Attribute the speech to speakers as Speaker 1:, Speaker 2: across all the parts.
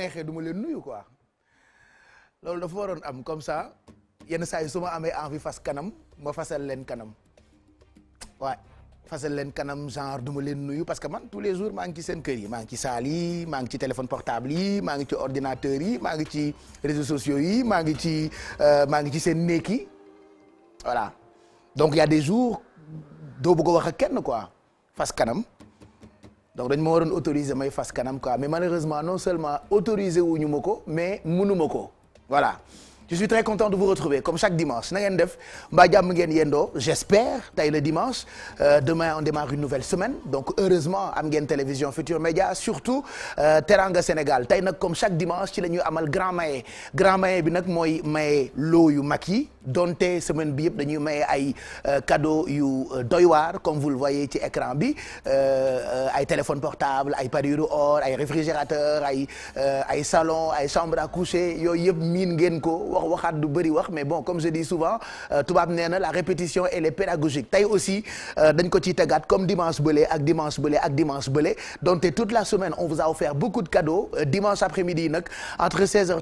Speaker 1: neexee du ma leen nuyu quoi loolu dafa waroon am comme ça yenn saa yi su ma amee envie fas kanam ma fasal leen kanam waaye fasal leen kanam genre du leen nuyu parce que man tous les jours maa ngi ci seen kër yi maa ngi ci saal yi maa ngi ci téléphone portable yi maa ngi ci ordinateur yi maa ngi ci réseaux sociaux yi maa ngi ci euh, maa ngi ci seen néeg yi voilà donc y des jours doo bëgg a wax ak kenn quoi fas kanam. donc dañ ma waroon autoriser may fas kanam quoi mais malheureusement non seulement autoriser wuñu ma ko mais mënu ma ko voilà je suis très content de vous retrouver comme chaque dimanche na ngeen def mbaa jàmm ngeen yendoo j'espère tey le dimanche euh, demain on démarre une nouvelle semaine donc heureusement am ngeen télévision Futur Média surtout euh, Teranga Sénégal tey nag comme chaque dimanche ci la ñuy amal grand maye grand maye bi nag mooy maye loo yu mag yi donte semaine bi yëpp dañuy maye ay euh, cadeau yu euh, doy waar comme vous le voyez ci écran bi euh, ay téléphone portable ay parure or ay réfrigérateur ay salon ay chambre à coucher yooyu wax waxaat du bëri wax mais bon comme je dis souvent euh, tubaab nee na la répétition elle est pédagogique tey aussi euh, dañ ko ciy tegaat comme dimanche bële ak dimanche bële ak dimanche bële donc toute la semaine on vous a offert beaucoup de cadeaux euh, dimanche après-midi nag entre 16 h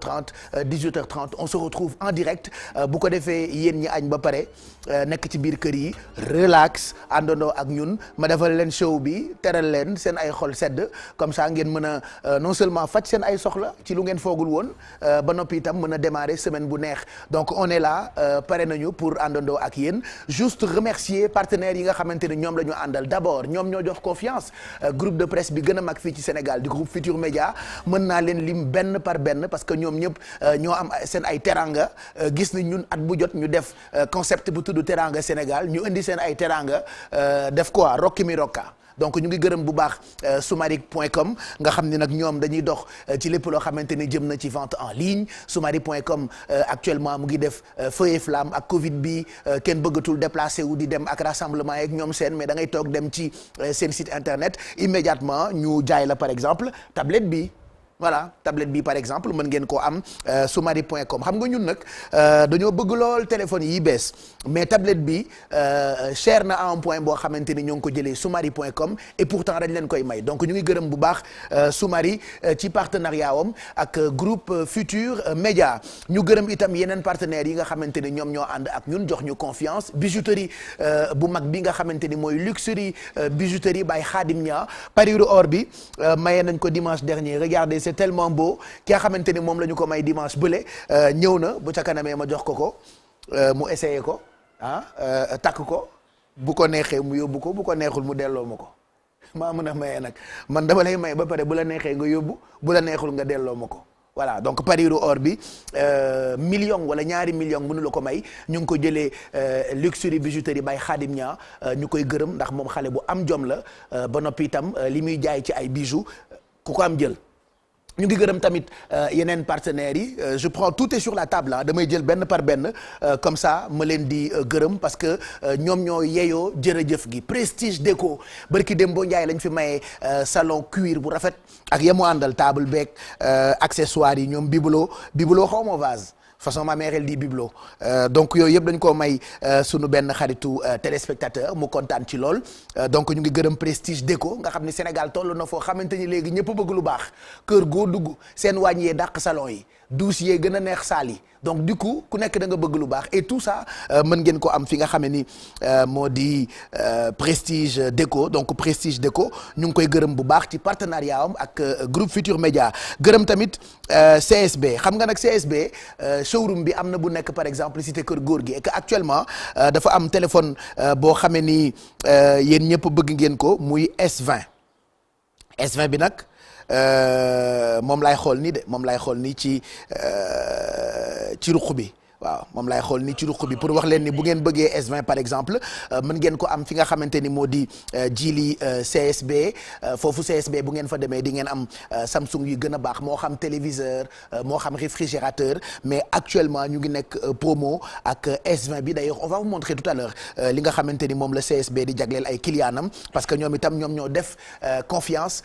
Speaker 1: on se retrouve en direct bu ko defee yéen ñi añ ba pare nekk ci biir kër yi relax àndandoo ak ñun ma defal leen show bi teral leen seen ay xol sedd comme ça ngeen mën a non seulement faj seen ay soxla ci lu ngeen foogul woon bu neex donc on est là euh, pare nañu pour àndandoo ak yéen juste remercier partenaires yi nga xamante ni ñoom la àndal d'abord ñoom ñoo jox confiance euh, groupe de presse bi gën a mag fii ci Sénégal di groupe Futur Média mën naa leen lim benn par benn parce que ñoom ñëpp euh, ñoo am seen ay teranga gis ni ñun at bu jot ñu def concept bu tudd teranga Sénégal ñu indi seen ay teranga def quoi rokki mi rokka donc ñu ngi gërëm bu baax sumari euh, sumari.com nga xam ni nag ñoom dañuy dox euh, ci lépp loo xamante ni jëm na ci vente en ligne sumari.com euh, actuellement mu ngi def feu et flamme ak Covid bi kenn bëggatul déplacé wu di dem ak rassemblement yeeg ñoom seen mais da ngay toog dem ci seen site internet immédiatement ñu jaay la par exemple tablette bi. voilà tablette bi par exemple mën ngeen koo am euh, sumari point com xam nga ñun nag euh, dañoo bëgg lool téléphone yi bees mais tablette bi euh, chair na à un point boo xamante ni ñoo ngi ko jëlee sumari point com et pourtant dañ leen koy may donc ñu ngi gërëm bu baax sumari ci partenariat wam ak groupe Futur Média ñu gërëm itam yeneen partenaires yi nga xamante ni ñoom ñoo ànd ak ñun jox ñu confiance bijouterie bu mag bi nga xamante ni mooy luxury bijouterie by Khadim Nia parure or bi maye nañ ko dimanche dernier regardez c'est tellement beau ki nga xamante ni moom lañu ko may dimanche bële euh, ñëw na bu ca kanamee ma jox ko ko euh, mu essayé ko ah euh, takk ko bu ko neexee mu yóbbu ko bu ko neexul mu delloo ma ko maa mën a maye nag man dama lay may ba pare bu la neexee nga yóbbu bu la neexul nga delloo ma ko. voilà donc pariru or bi million wala ñaari million munu la ko may ñu ngi ko jëlee luxury bijouterie bay Khadim ñaa ñu koy gërëm ndax moom xale bu am jom la ba noppi itam li muy jaay ci ay bijoux ku ko am jël. ñu ngi gërëm tamit euh, yeneen partenaires yi euh, je prends tout est sur la table ah damay jël benn par benn euh, comme ça ma leen di gërëm parce que ñoom ñoo yeyoo jërëjëf gi prestige déco barki Dembo Ndiaye lañu fi maye salon cuir bu rafet ak yemu àndal table beeg accessoires yi ñoom bibeloo bibeloo xaw ma vase façon ma mère elle dit biblo euh, donc yooyu yëpp dañ koo may euh, sunu benn xaritu euh, téléspectateur mu kontaan ci lool donc ñu ngi gërëm prestige déco nga xam ni Sénégal toll na foo xamante ni léegi ñëpp bëgg lu baax kër goo dugg seen wàññee dàq salon yi doucier gën a neex saali donc du coup ku nekk da nga bëgg lu baax et tout ça euh, mën ngeen ko am fi nga xamee ni euh, moo di euh, prestige déco donc prestige déco ñu ngi koy gërëm bu baax ci partenariat ak groupe Futur Média gërëm tamit CSB xam nga nag CSB showroom bi am na bu nekk par exemple cité Kër Góor gi et que actuellement dafa am téléphone boo xamee ni yéen ñëpp bëgg ngeen ko muy S20 bi nag. Euh, moom laay xool nii de moom lay xool nii ci euh, ci ruq bi waaw moom lay xool ni ci ruq bi pour wax leen ni bu ngeen bëggee s par exemple euh, mën ngeen ko am fi nga xamante ni moo di euh, jili euh, CSB foofu CSB bu ngeen fa demee di ngeen am Samsung yi gën a baax moo xam téléviseur moo xam réfrigérateur mais actuellement ñu ngi nekk promo ak s bi day on va vous montrer tout li nga xamante ni moom la CSB di jagleel ay clientam parce que ñoom itam ñoom ñoo def confiance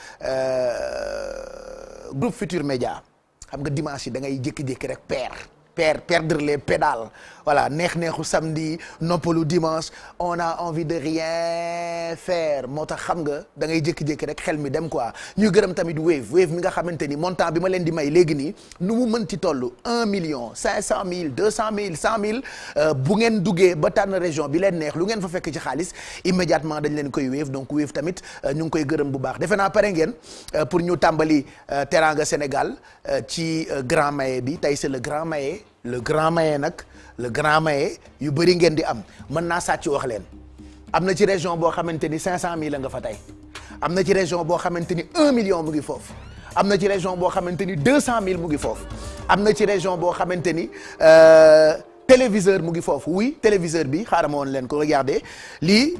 Speaker 1: groupe Futur Média xam nga dimanche yi da ngay jékki-jékki rek paire per perdre les pédales voilà neex-neexu samedi noppalu dimanche on a envie de rien faire moo tax xam nga dangay ngay jékki rek xel mi dem quoi ñuy gërëm tamit wave wave mi nga xamante ni montant bi ma leen di may léegi nii nu mu mën ci toll un million cinq cent deux cent mille cent mille euh, bu ngeen duggee ba tànn région bi leen neex lu ngeen fa fekk ci xaalis immédiatement dañ leen koy wave donc wave tamit euh, ñu ngi koy gërëm bu baax defe naa pare ngeen euh, pour ñu tàmbali teranga Sénégal ci grand maye bi tey c'est le grand maye le grand maye nag le grand maye yu bëri ngeen di am mën naa ci wax leen am na ci région boo xamante ni 500000 la nga fa tey am na ci région boo xamante ni 1 million mu ngi foofu am na ci région boo xamante ni 200000 mu ngi foofu am na ci région boo xamante ni euh, téléviseur mu ngi foofu oui téléviseur bi xaaral ma woon leen ko regardez lii.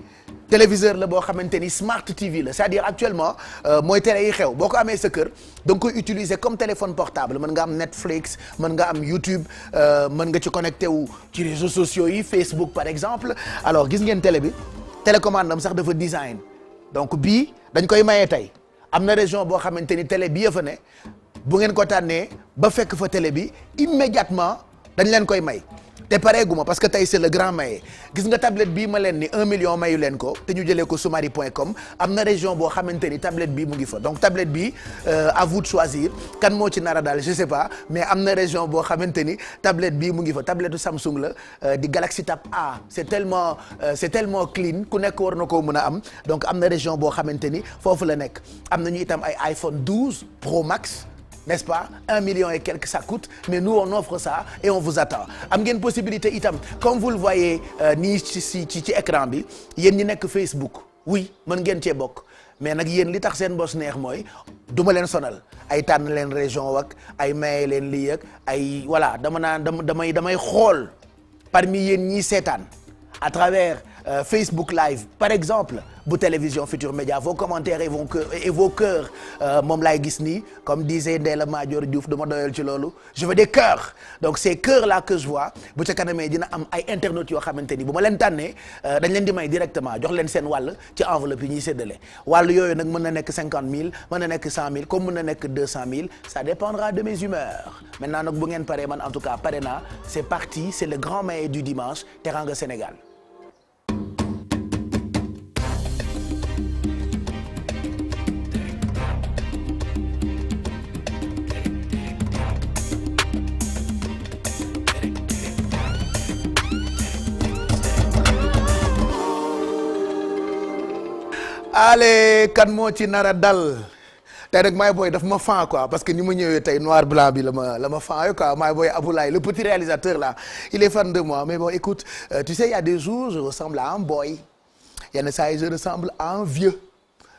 Speaker 1: téléviseur la boo xamante ni smart TV la c'est-à-dire actuellement euh, mooy télé yi xew boo ko amee sa kër da nga koy utiliser comme téléphone portable mën nga am Netflix mën nga am YouTube euh, mën nga ci connecté wu ci réseaux sociaux yi Facebook par exemple alors gis ngeen télé bi télécommande am sax dafa design donc bii dañ koy maye tey am na région boo xamante ni télé bi yëfa ne bu ngeen ko tànnee ba fekk fa télé bi immédiatement dañ leen koy may te pareeguma parce que tey c'est le grand maye gis nga tablette bi ma leen ni un million mayu leen ko te ñu jëlee ko sumari point com am na région boo xamante ni tablette bii mu ngi fa donc tablette bii euh, à vous kan moo ci nara daal je sais mais am na région boo xamante ni tablette bii mu ngi fa tablette Samsung la euh, di Galaxy Tab A c'est tellement euh, c'est clean ku nekk war na koo mën a am donc am na région boo xamante ni foofu la nekk am na ñu itam ay iPhone 12 Pro Max n'est-ce pas un million et quelques ça coûte mais nous on offre ça et on vous attend am ngeen possibilité itam comme vous le voyez euh, nii ci ci ci écran bi yéen ñi nekk Facebook oui mën ngeen cee bokk mais nag yéen li tax seen bos neex mooy du ma leen sonal ay tànn leen région ak ay maye leen lii ak ay voilà dama naan damay damay xool parmi yéen ñii seetaan à travers. Euh, Facebook live par exemple bu télévision Futur Média vos commentaires et vos cœurs et vos cœurs euh, moom laay gis nii comme disait Ndella Madior Diouf dama doyal ci loolu je veux des cœurs donc ces cœurs là que je vois bu ca kanamee dina am ay internautes yoo xamante ni bu ma leen tànnee euh, dañ leen di may directement jox leen seen wàll ci enveloppe yi ñuy séddale wàll yooyu nag mën na nekk cinquante mille mën na nekk cent mille comme mën na nekk deux cent mille ça dépendra de mes humeurs maintenant nag bu ngeen pare man en tout cas pare naa c'est parti c'est le grand mail du dimanche allez kan moo ci nara dal te nag maay booy daf ma fan quoi parce que ni ma ñëwee tey noir blanc bi la ma la ma fan quoi maay booy Aboulaye le petit réalisateur là il fan de moi mais bon écoute euh, tu sais il a des jours je ressemble à un boy yenn saa yi je ressemble à un vieux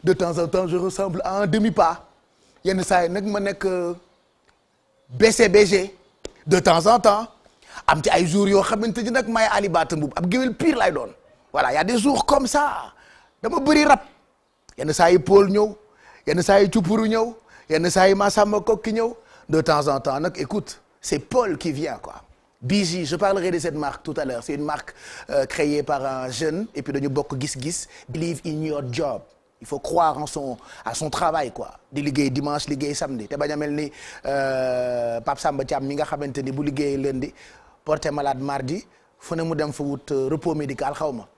Speaker 1: de temps en temps je pas yenn saa yi nag ma nekk euh, BCBG de temps en temps am ci ay jours yoo xamante ni nag may Ali Bata Mbuub ab géwél pire lay doon voilà il des jours comme ça dama bëri rap. yenn saa yi Paul ñëw yenn saa yi Cuppuru ñëw yenn saa yi Massamba Kokki ñëw de temps en temps nag écoute c'est Paul qui vient quoi BJ je parlerai de cette marque tout à l'heure c'est une marque euh, créée par un jeune et puis dañu bokk gis-gis live in your job il faut croire son à son travail quoi di liggéey dimanche liggéey samedi te bañ a mel ni euh, Pape Samba Thiam mi nga xamante ni bu liggéey lundi porté malade mardi fu ne mu dem fa wut euh, repos médical xaw ma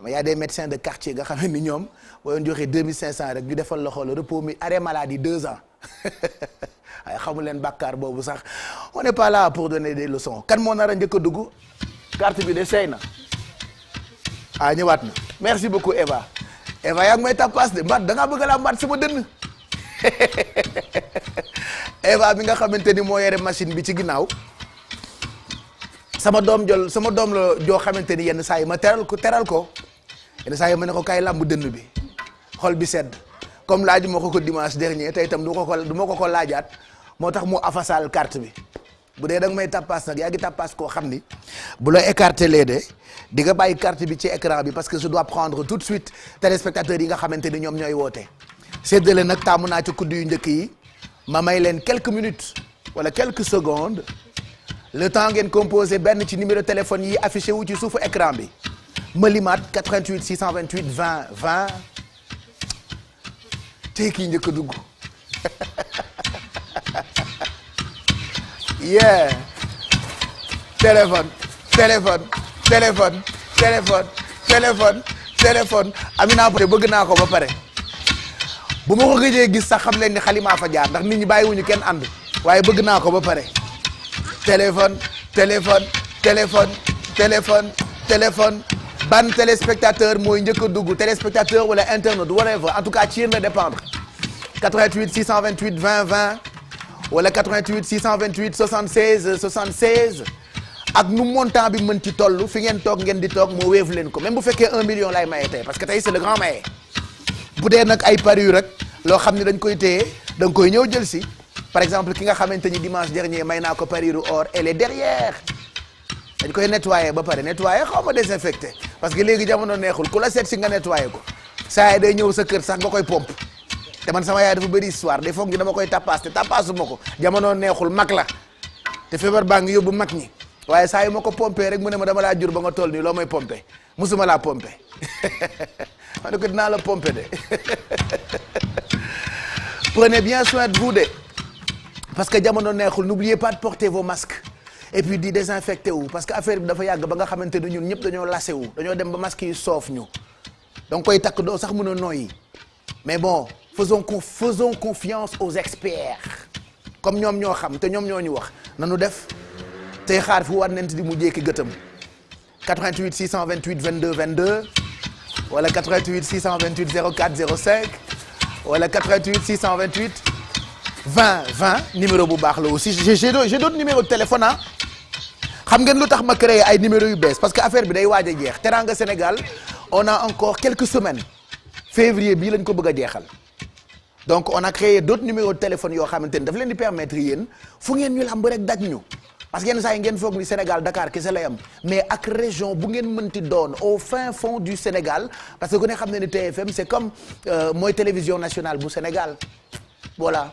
Speaker 1: xam nga y a des médecins de quartier nga xam ni ñoom boo leen joxee 2500 rek ñu defal la xool repos mi arrêt maladie deux ans waaye xamu leen bàkkaar boobu sax on n'est pas là pour de des leçons kan moo nara a njëkk dugg carte bi de seey na ah ñëwaat na merci beaucoup Eva Eva yaa ngi may tapas de mbat da ngaa bëgg laa mbat sama dënn Eva bi nga xamante ni moo yore machine bi ci ginnaaw sama doom jol sama doom la joo xamante ni yenn saa yi ma teral ko teral ko yenn saa yi ma ne ko kaay làmb dënn bi xol bi sedd comme laaj ma ko ko dimanche dernier tey itam du ko ko du ma ko ko laajaat moo tax mu afasal carte bi bu dee da may tappaas nag yaa ngi tappaas koo xam ni bu la écarté lee de di nga bàyyi carte bi ci écran bi parce que je dois prendre tout de suite téléspectateurs yi nga xamante ni ñoom ñooy woote séddale nag taamu naa ci kudd yu njëkk yi ma may leen quelque minutes wala quelques secondes le temps ngeen composé benn ci numéro téléphone yi affiché wu ci suufu écran bi Malimaat 88 628 20 vingt tey kii njëkk a dugg yeah téléphone téléphone téléphone téléphone téléphone téléphone Amina bëgg naa ko ba pare bu ma ko gëjee gis sax xam leen ni xalimaa fa jaar ndax nit ñi bàyyiwuñu kenn ànd waaye bëgg naa ko ba pare téléphone téléphone téléphone téléphone téléphone ban téléspectateur mooy njëkk a dugg téléspectateur wala internaute whatever en tout cas ci yéen la dépendre 88 628 20 20 wala 88 628 76 76 ak nu montant bi mën ci toll fi ngeen toog ngeen di toog moo weevu leen ko même bu fekkee 1 million laay maye tey parce que tey c'est le grand maye bu dee nag ay paris yu rek loo xam ne dañ koy téye da nga koy ñëw jël si par exemple ki nga xamante ni dimanche dernier may naa ko paris ru or elle est derrière. dañ koy nettoyer ba pare nettoyer xaw ma désinfecté parce que léegi jamono neexul ku la seet si nga nettoyer ko saa yi day ñëw sa kër sax nga koy pompe te man sama yaay dafa bëri histoire des fois ngi dama koy tapaas te tapaasuma ko jamono neexul mag la te feebar baa ngi yóbbu mag ñi waaye saa yi ma ko pompé rek mu ne ma dama laa jur ba nga toll nii loo may pompé musuma laa pompé ma ne ko dinaa la pompe de prenez bien soin de de parce que jamono neexul n'oubliez pas de porter vos masques et puis di désinfecté wu parce que affaire bi dafa yàgg ba nga xamante ne ñun ñëpp dañoo lase wu dañoo dem ba masque yi soof ñu donc koy takk doo sax mën a noyyi mais bon faisons con faisons confiance aux experts comme ñoom ñoo xam te ñoom ñoo ñu wax nanu def te xaar fu war nent di mu jékki gëtëm 88 628 22 22 wala 88 628 04 05 wala 88 628 20 20 numéro bu baax la aussi j'ai j'ai d'autres numéros de téléphone ah xam ngeen lu tax ma créé ay numéro yu bees parce que affaire bi day waaj a jeex Teranga Sénégal on a encore quelques semaines février bii lañ ko bëgg a jeexal donc on a créé d'autres numéros de téléphone yoo xamante ni daf leen di permettre yéen fu ngeen ñu lamb rek daj ñu parce que yenn saa ngeen foog ni Sénégal Dakar kese lay am mais ak région bu ngeen mënti doon au fin fond du Sénégal parce que ku ne xam ne ni TFM c'est comme euh, mooy télévision nationale bu Sénégal voilà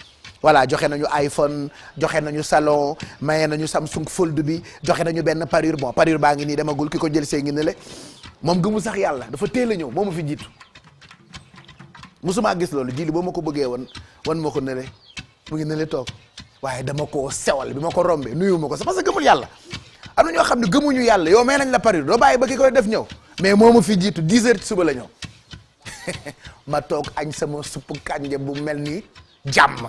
Speaker 1: voilà joxe nañu iPhone joxe nañu salon maye nañu Samsung Fold bi joxe nañu benn parure bo parure baa ngi nii demagul ki ko jëlsee see ngi ne moom gëmu sax yàlla dafa teel a ñëw moo ma fi jiitu musuma gis loolu jili boo ma ko bëggee woon wan ma ko ne mu ngi ne toog waaye dama koo sewal bi ma ko rombee nuyu ma ko sax parce que gëmul yàlla am na ñoo xam ne gëmuñu yàlla yow may nañ la parure doo bàyyi ba ki koy def ñëw mais moo ma fi jiitu 10 heures ci suba la ñëw ma toog añ sama suppu kànja bu mel ni jàmm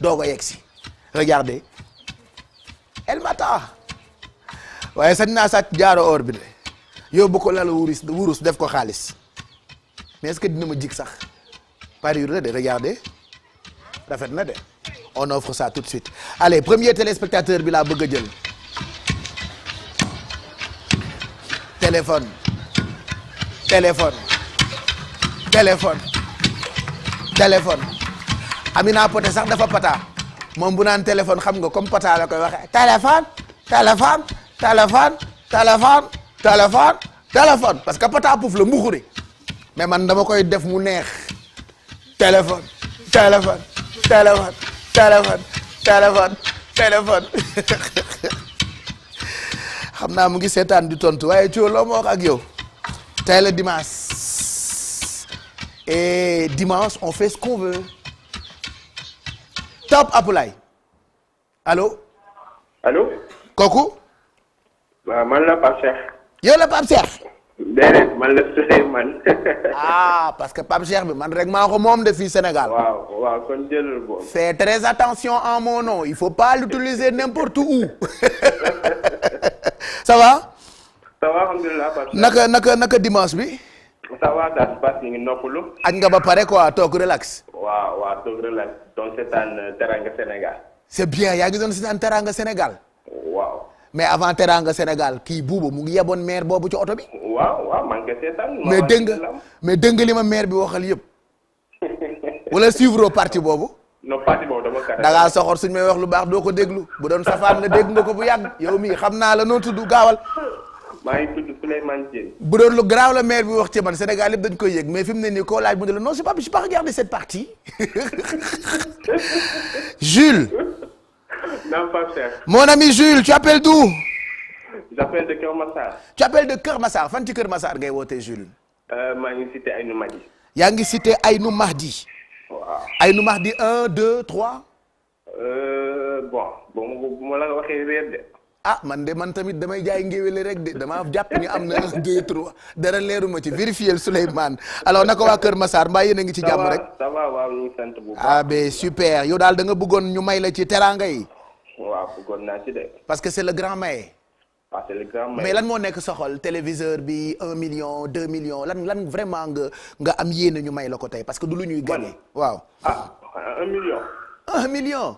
Speaker 1: doog a yegg si regardez elle waaye sañ naa sàcc jaaro or bi de yóbbu ko lal wurus def ko xaalis mais est dina ma jig sax parure la de rafet na de on offre ça tout suite allez premier téléspectateur bi laa bëgg a jël téléphone téléphone téléphone téléphone Amina Poté sax dafa pata moom bu naan téléphone xam nga comme pata la koy waxee téléphone téléphone téléphone téléphone téléphone téléphone parce que pata puuf la mbuxuri mais man dama koy def mu neex téléphone téléphone téléphone téléphone téléphone téléphone xam naa mu ngi seetaan di tontu waaye ci loo ma wax ak yow tey la dimanche et dimanche on fait ce qu'on veut Top Apulaay allo. allo. kooku. waaw man la Pape Cheikh. yow la Pape
Speaker 2: ah
Speaker 1: parce que Pape Cheikh bi man rek maa ko moom de fii Sénégal. waaw
Speaker 2: waaw kon jëlal boobu. fais
Speaker 1: très attention en mon nom il faut pas l'utiliser n'importe où. ça va. ça va alhamdulilah. naka naka naka bi. ça va ça se passe ñu ngi noppalu. aj nga ba pare quoi toog relax. waaw waaw toog relax doon seetaan euh, Teranga Sénégal. c'est bien yaa ngi doon seetaan Teranga Sénégal. mais avant Teranga Sénégal kii buubu mu ngi yeboon maire boobu ci oto bi.
Speaker 2: waaw waaw man kay seetaan. mais dégg
Speaker 1: mais dégg li ma maire bi waxal yëpp. wala suivre parti boobu.
Speaker 2: non boobu dama kàr.
Speaker 1: soxor suñ may wax lu baax doo ko déglu bu doon safaan la dégg nga ko bu yàgg yow mii xam naa la noo tudd gaawal maa ngi tudd Souleymane Dieng. bu doon lu grave la maire bi wax ci man Sénégal yëpp dañ koy yëg mais fi mu ne nii koo laaj mu ne la non c'est pas je pas regardé cette partie Jules.
Speaker 2: non pas cher.
Speaker 1: mon ami Jules tu appelles d'où. j'appelle de Kër Massar. tu appelles de Kër Massar fan ci Kër Massar ngay wootee Jules. Euh, maa ngi cité Aynou Mahdi. yaa ngi cité Aynou Mahdi. waaw Aynou Mahdi un deux trois.
Speaker 2: Euh, bon bon bu
Speaker 1: ma la waxee réer de. ah man de man tamit damay jaay ngéwéle rek de damaa jàpp ni am na un dara leeruma ci vérifier Souleymane alors naka waa Kër Massar mbaa yéen a ngi ci jàmm rek. ça ah, super yow daal da nga bëggoon ñu may la ci teraanga yi. waaw bëggoon parce que c'est le grand maye. waaw ah, c'est mais lan moo nekk soxol téléviseur bi un million deux million lan lan vraiment nga nga am yéene ñu may la ko tey parce que du lu ñuy gagné. waaw ah un million. un million.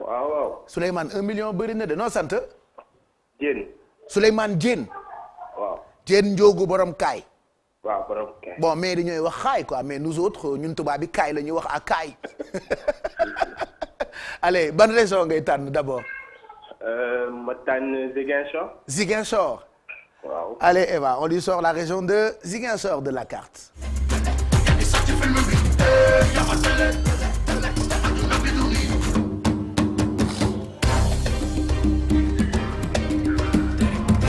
Speaker 1: waaw bëri na de noo sant. Diène. Souleymane Diène. waaw Diène borom kaay.
Speaker 2: waaw borom kaay
Speaker 1: bon mais dañooy wax xaay quoi mais nous autres ñun tubaab bi kaay la ñuy wax à kaay. allez ban région ngay tànn d'abord.
Speaker 2: Euh, ma tànn Ziguinchor.
Speaker 1: Ziguinchor. waaw Eva on lui sort la région de Ziguinchor de la carte.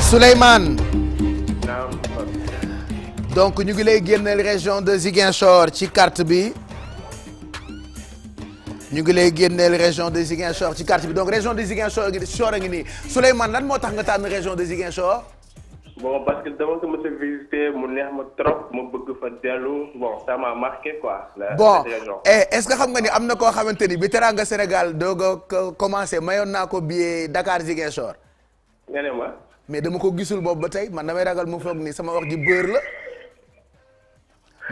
Speaker 1: Souleymane donc ñu ngi lay génne génneel région de Ziguinchor ci carte bi ñu ngi lay li région de Ziguinchor ci carte bi donc région de Ziguinchor Ziguinchor a ngi nii Souleymane lan moo tax nga tànn région de Ziguinchor. bon parce que dama ko
Speaker 2: mu neex ma trop ma bëgg fa dellu bon ça m'a marqué quoi. la bon eh,
Speaker 1: est-ce que xam nga ni am na koo xamante ni bi teraanga Sénégal doog a commencé mayoon naa ko billet Dakar Ziguinchor. nga ne ma. mais dama ko gisul boobu ba tey man damay ragal mu foog ni sama wax ji bër la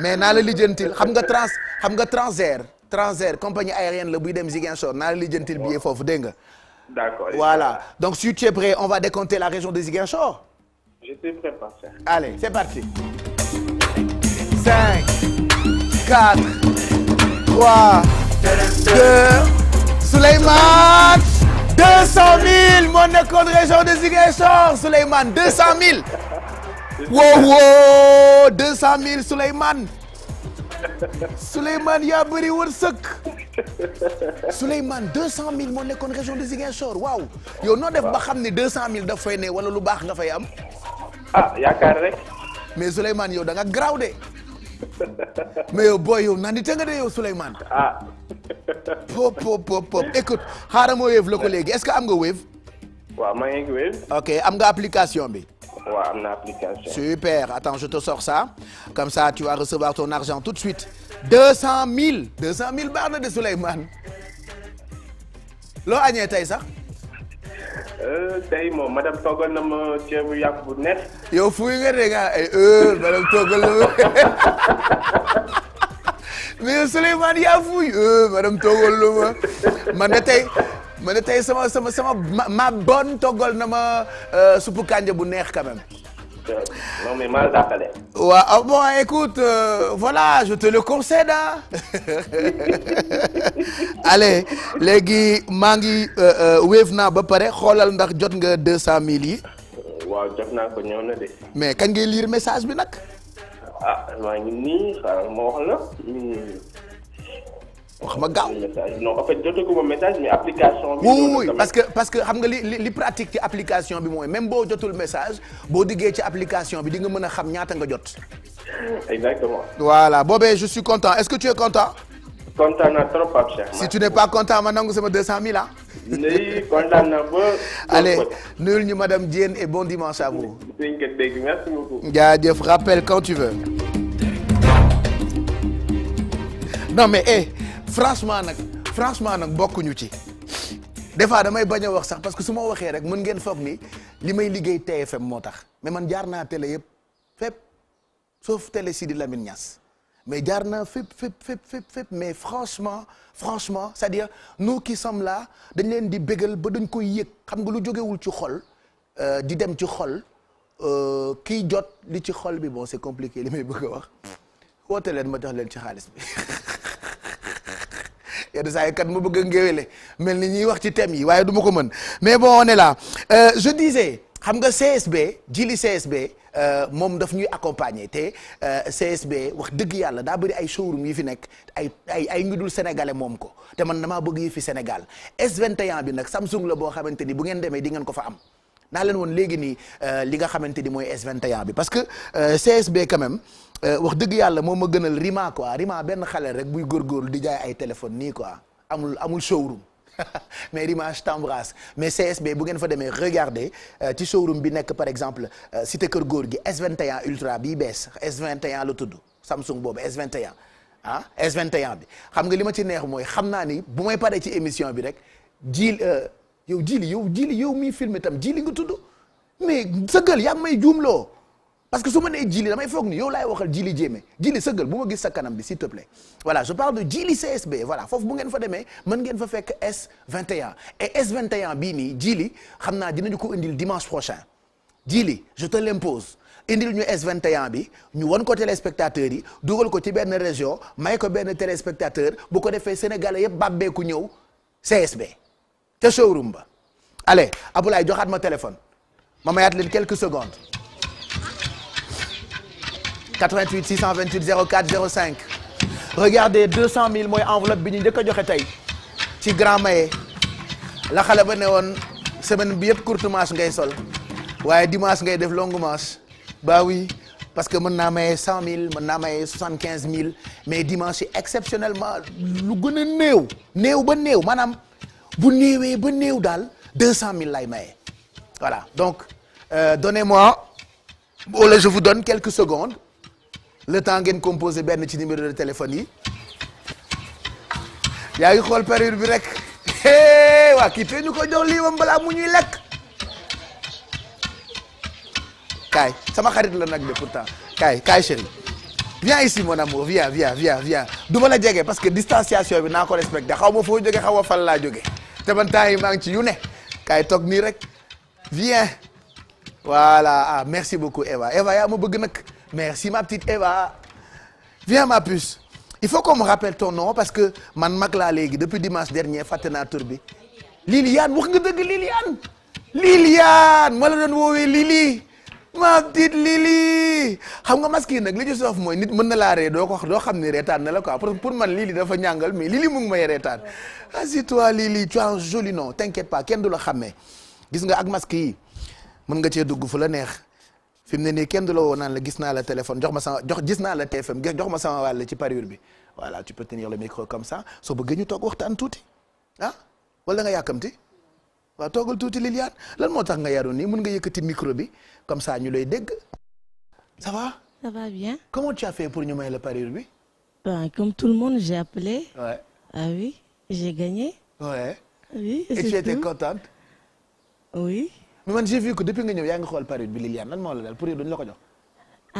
Speaker 1: mais naa la lijjantil xam nga trans xam nga Transair Transair compagnie aérienne la buy dem Ziguinchor naa la lijjantil billet foofu dégg nga. d'accord voilà donc si tu es prêt on va décompter la région de Ziguinchor. je suis parti. 5 4 3 2 Souleymane. cent 200000 moo nekkoon région de Ziguinchor Souleymane 200000. wow wow 200000 Souleymane. Souleymane yaa bëri deux cent 200000 moo nekkoon région de Ziguinchor waaw. yow no def ba xam ne mille daf fay ne wala lu baax nga fay am. ah yaakaar rek. mais Souleymane yow da nga de. mais yow booy yow naan te nga de yow ah. pop pop pop pop écoute xaaral ma wave la ko léegi est-ce que am nga wave. m maa ngi wave. ok am nga application bi. waaw am na application. super attends je te sors ça comme ça tu vas ton argent tout de suite deux cent mille. deux cent mille baax na de Souleymane. loo añee tey sax. Euh, tey moom madame toogal na ma ceebu yàpp yow fuy nga de nga ay heure mais Souleymane yaa fuy heure ba dem toogal man tey sama sama sama ma bonne toggal na ma euh, suppu kanja bu neex quand même. non mais maa dàqale. waaw ah, bon écoute euh, voilà je te le concède ah. allez léegi maa ngi euh, naa ba pare xoolal ndax jot nga deux cent mille yi.
Speaker 2: waaw jot naa ko ñëw na de.
Speaker 1: mais kañ ngay lire message bi nag.
Speaker 2: ah maa ngi nii xaaral ma wax la.
Speaker 1: wax ma gaaw non en fait jotaguma message mais application. bi oui parce que parce que xam nga li li pratique ci application bi mooy même boo jotul message boo diggee ci application bi di nga mën a xam ñaata nga jot. exactement. boobee je suis content est-ce que tu es content. kontaan naa trop Pape Cheikh. si tu n'es pas content ma nangu sama 200000 ah. léegi kontaan naa ba. allez nuyul ñu madame Diène et bon dimanche à vous. suñ ko rappel quand tu mais eh franchement nag franchement nag bokkuñu ci des fois damay bañ a wax sax parce que su ma waxee rek mën ngeen foog ni li may liggéey TFM moo tax mais man jaar naa télé yëpp fépp sauf télé Sidi Lamine Niass. mais jaar na fépp fépp fépp fépp fépp mais franchement franchement c'est-à-dire nous qui sommes là dañ leen di bégal ba dañ koy yëg xam nga lu jógewul ci xol euh, di dem ci xol euh, kiy jot li ci xol bi bon c'est compliqué li may bëgg a wax woote leen ma jox leen ci xaalis bi yenn saa yi kat ma bëgg a ngéwéle mel ni ñuy wax ci thème yi waaye du ma ko mën mais bon on laa là euh, je xam nga CSB jili CSB euh, moom daf ñuy accompagner te euh, CSB wax dëgg yàlla daa bëri ay showroom yi fi nekk ay ay ay ñu dul sénégalais moom ko te man damaa bëgg yi fi Sénégal S21 bi nag Samsung la boo xamante ni bu ngeen demee di ngeen ko fa am naa leen woon léegi nii euh, li nga xamante ni mooy s bi parce que CSB quand même wax dëgg yàlla moom ma gënal Rima quoi Rima benn xale rek buy góorgóorlu di jaay ay téléphone nii quoi amul amul showroom mais mairie Manche t'embrasse mais CSB bu ngeen fa demee regarder euh, ci showroom bi nekk par exemple euh, cité Kër Góor gi S21 Ultra bii bees S21 la tudd Samsung boobu S21 ah S21 bi xam nga li ma ci neex mooy xam naa ni bu may paree ci émission bi rek jiil euh, yow jiili yow jiili yow mii filmé tam jiili nga tudd mais sa gël yaa ngi may juumloo parce que su ma nee Djily damay foog ni yow laay waxal jili Diémé jili sëggal bu ma gis sa kanam bi s'il te plaît voilà je parle de Djily CSB voilà foofu bu ngeen fa demee mën ngeen fa fekk S21 et S21 bii nii Djily xam naa dinañu ko indil dimanche prochain Djily je te l'impose indil ñu S21 bi ñu won ko téléspectateur yi dugal ko ci benn région may ko benn téléspectateur bu ko defee sénégalais yëpp bàbbeeku ñëw CSB ca showroom ba allez Aboulaye ma téléphone ma mayaat leen quelques secondes 88 628 04 05 regardez 200 000 mooy enveloppe bi ñu njëkk a joxe tey ci grand maye la xale ba ne woon semaine bi yëpp courte manche ngay sol waaye dimanche ngay def longue manche bah oui parce que mën naa maye 100 000 mën naa maye 75 000 mais dimanche yi exceptionnellement lu gën a néew néew ba néew maanaam bu néewee ba néew daal 200 000 lay maye voilà donc euh, donnez-moi wala je vous donne quelques secondes le temps ngeen composé benn ci numéro de téléphone yi yaa ngi xool période bi rek waa kii te ñu ko jox lii moom balaa mu ñuy lekk kaay sama xarit la nag de pourtant kaay kaay chéri viens ici si amour viens viens viens viens du ma a jege parce que distanciation bi naa ko respecté xaw ma foo jóge xaw fan laa jóge te man temps yi maa ngi ci yu ne kaay toog nii rek viens waala ah merci beaucoup Eva Eva yaa ma bëgg nag. merci ma petite Eva viens ma puce il faut qu'on me rappelle ton parce que man mag laa léegi depuis dimanche dernier fàtte naa tur bi Liliane wax nga dëgg Liliane Liliane ma la doon woowee Lili ma petite Lili xam nga masque yi nag li ci mooy nit mën na laa ree doo ko wax doo xam ne reetaan na la ko pour pour man Lili dafa ñàngal mais Lili mu ngi may reetaan assis-toi Lili tu as un joli nom t'inquiète pas kenn du la xàmmee gis nga ak maski mën nga cee dugg fu la neex. fi mu ne nii kenn du la woo naan la gis naa la téléphone jox ma sama jox gis naa la TFM jox ma sama wàll ci parure bi voilà tu peux tenir le micro comme ça soo bëggee ñu toog waxtaan tuuti ah wala nga yàkkamti waaw toogal tuuti li yaat lan moo tax nga yaru nii mun nga yëkkati micro bi comme ça ñu lay dégg ça va. ça va bien. comment tu as pour ñu may la parure bi.
Speaker 2: bon comme tout le monde j'ai appelé.
Speaker 1: Ouais. ah oui j'ai gagné. Ouais.
Speaker 2: oui c'est tout
Speaker 1: et tu mais man j'ai vu que depuis nga ñëw yaa ngi xool période bi Liliane lan moo la dal pour yow duñ la ko jox.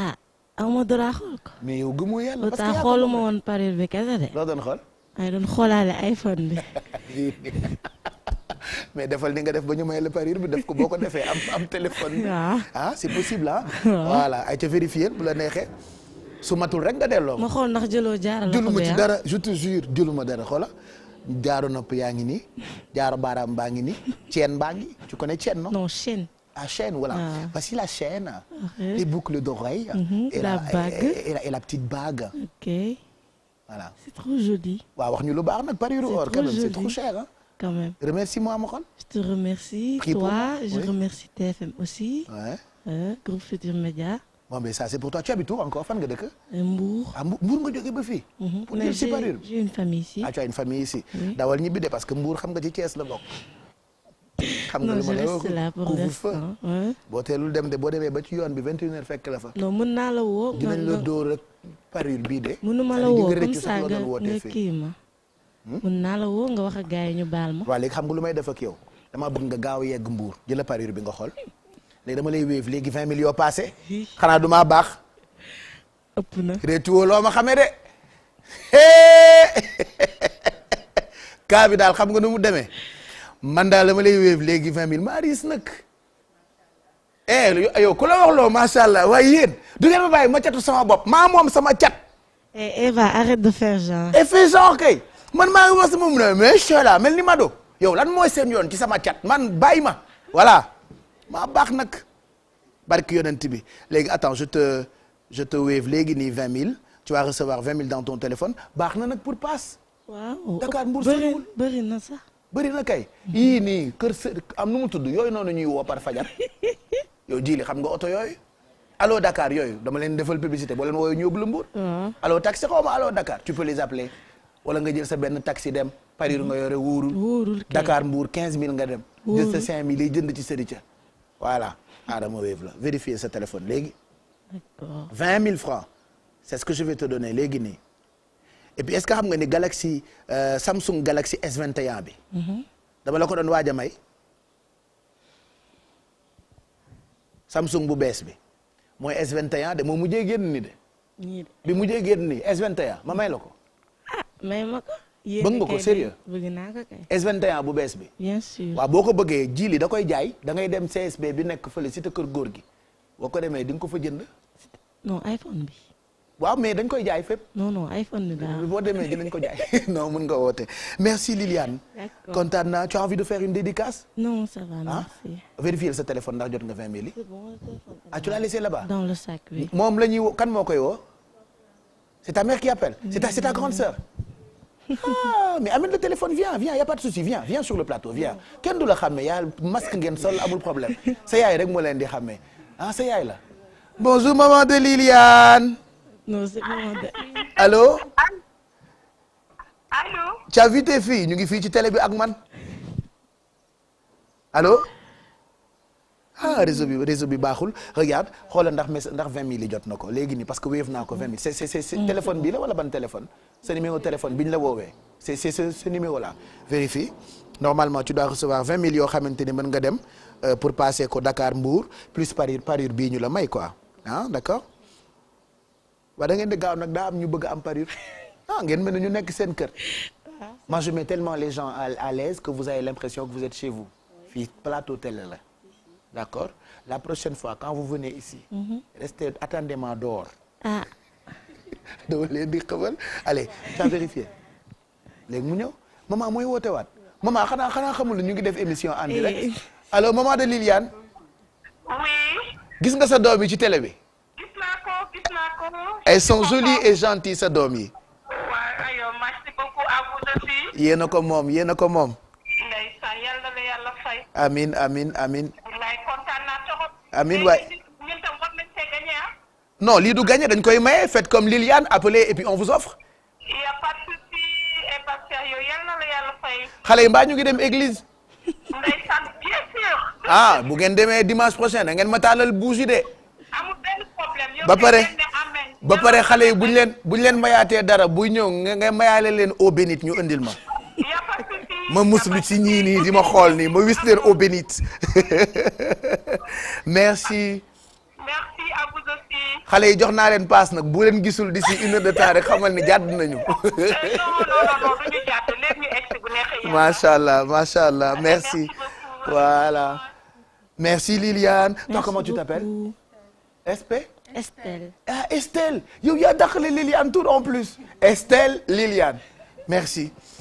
Speaker 1: ah aw ma dara xool ko. mais yow gëmoo yàlla parce que yaa xooluma woon période xoolaale iPhone bi. mais defal ni nga def ba ñu may la parure bi def ko boo ko defee am am téléphone bi ah c'est possible ah voilà ay ca vérifier bu la neexee su matul rek nga delloo ma xool ndax jëloo jaarale ko jëluma ci dara je te jëluma dara xoola jaaro nopp yaa ngi nii jaaro baaraam baa ngi nii chaîne baa ngi tu connais chaîne non non chaîne ah chaîne voilà ah. la chaîne okay. les boucles mhm, et la, la bague et, et, la, et la petite bague ok voilà c'est trop joli waaw wax ñu lu baax nag parure or quand même c'est trop cher hein quand même remercie-moi ma xol je te remercie Prie toi je oui.
Speaker 2: remercie TFM aussi ouais. euh, groupe Futur
Speaker 1: bon mais ça c'est pour toi tu habites où encore que Mbour xam nga ci Thiès la bokk. xam nga lu ma lay wax boo teelul dem de boo demee ba ci yoon bi 21h la fa. non mën naa la woo. dinañ rek parure bii de. mënuma la woo nga ma. Hmm? mën naa la woo nga wax ak gars yi ñu baal ma. waaw léegi xam nga lu may def ak yow dama bëgg nga gaaw yegg Mbour jëla parure bi nga xool. léegi dama lay wéef léegi vingt millions passé xanaa du maa baax. ëpp na rétuwoo ma xamee de. cas bi daal xam nga nu mu demee man daal dama lay wéef léegi vingt mille maa riis nag. eh ku la wax loo macha allah waaye yéen du ngeen ma bàyyi ma catu sama bopp maa moom sama cat.
Speaker 2: eh Eva arrête de faire genre.
Speaker 1: et fais genre kay man maa ngi wax sama mu ma mais mel ni Mado yow lan mooy seen yoon ci sama cat man bàyyi ma voilà. maa baax nag barki yonent bi léegi attends je te je léegi nii vingt mille tu vas recevoir vingt mille dans ton téléphone baax na nag pour passe. waaw Dakar Mbour soriwul na sax. bëri na kay. yii nii kër am nu mu tudd yooyu noonu ñuy woo par fajar yow jili xam nga oto yooyu. allo Dakar yooyu dama leen defal publicité wala leen woowee ñu yóbbu la Mbour. Hmm. allo taxi xaw ma allo Dakar tu peux les appeler. wala nga jël sa benn taxi dem. Paris nga yore wóorul. wóorul Dakar Mbour quinze mille nga dem. jël sa cinq mille yi jënd ci sëriñ voilà Adama Wave la vérifier sa téléphone léegi. vingt mille francs c'est ce que je vais te donner léegi nii. et est-ce que xam nga ni Galaxy euh, Samsung Galaxy S21 bi. Mhm. dama la ko doon waaj may. Samsung bu bees bi mooy S21 de moo mujjee génn ni de. bi mujjee génn ni S21 ma may la ah, may ma
Speaker 2: bëgg nga ko sérieux bëgg
Speaker 1: naa ko bu bees bi bien sûr waaw boo ko bëggee ji li da koy jaay dangay ngay dem CSB bi nekk fële si te kër góor gi boo ko demee di nga ko fa jënd non iPhone bi waaw mais dañ koy jaay fépp non non iPhone bi daal boo demee dinañ ko jaay no mun nga woote merci Liliane kontaan naa tu as envie de faire une dédicace non ça ah? sa téléphone ndax jot nga vingt mille yi ah tu l'as moom la ñuy woo kan moo koy woo c'est ta mère qui c'est ta c'est ah mais amène téléphone viens viens y a pas de souci viens viens sur le plateau viens kenn du la xàmme yaa masque ngeen sol amul problème sa yaay rek moo leen di xàmme ah sa la. bonjour maman de Liliane. non c'est maman de. allo. allo. tu as ñu ngi fii ci télé bi ak man allo. ah réseau bi réseau bi baaxul regarde xoolal ndax mes ndax vingt mille yi jot na ko léegi nii parce que wéef naa ko vingt mille c'est c'est mm. téléphone bii la wala ban téléphone sa numéro téléphone bi ñu la woowee c'est c'est ce numéro là vérifie normalement tu dois recevoir vingt mille yoo xamante ni mën nga dem euh, pour passer ko Dakar Mbour plus parure parure bii ñu la may quoi ah d'accord waaw da ngeen di gaaw nag daa am ñu bëgg am pari ah, ngeen mel na ñu nekk seen kër moi je mets tellement les gens à l'aise que vous avez l'impression que vous êtes chez la d'accord la prochaine fois quand vous venez ici. Mhm. restez attendez-moi ah. dama leen di xamal allez sans vérifier léegi mu ñëw maman mooy woote waat maman xanaa xanaa xamul ñu ngi def émission en direct. Eh. allo maman de Liliane. oui. gis nga sa doom yi ci télé bi. gis naa ko gis naa ko. elles sont jolies et gentilles sa doom ko moom yéen a ko moom. amin amin amiin waay ñun tam war nañ non lii du gagné dañ koy maye faites comme Liliane appelez et on vous offre. a pas de souci eh, xale yi mbaa ñu ngi dem église. ah bu ngeen demee dimanche prochain da ngeen ma taalal bougie de. amul ba pare xale yi bu ñu leen bu leen mayaatee dara buy ñëw nga mayaale leen eau bénite ñu indil ma. ma muslu ci ñii nii di ma xool nii ma wis leen eau bénite merci. merci à xale yi jox naa leen paas nag bu leen gisul d'ici une heure de temps rek ni jàdd nañu. Euh, macha allah macha allah merci. voilà. merci Liliane. toi comment tu t'appelles. Espé. Estelle. ah Estelle yow yaa dàqale lilian tout en plus. Estelle Liliane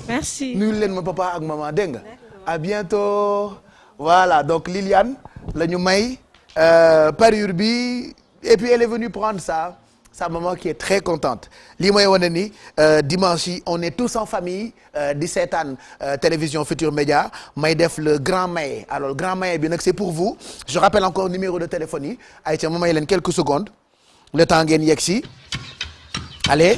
Speaker 1: merci nuyu leen ma papa ak maman dégg nga à bientôt voilà donc Liliane la ñu may euh, parure bi et puis elle est venue prendre ça sa maman qui est très contente lii mooy wane ni euh, dimanche yi on est tous en famille euh, di seetaan télévision Futur Média may def le grand maye alors grand maye bi nag c'est pour vous je rappelle encore numéro de téléphone yi ay ca ma leen quelques secondes le temps ngeen yegg si allez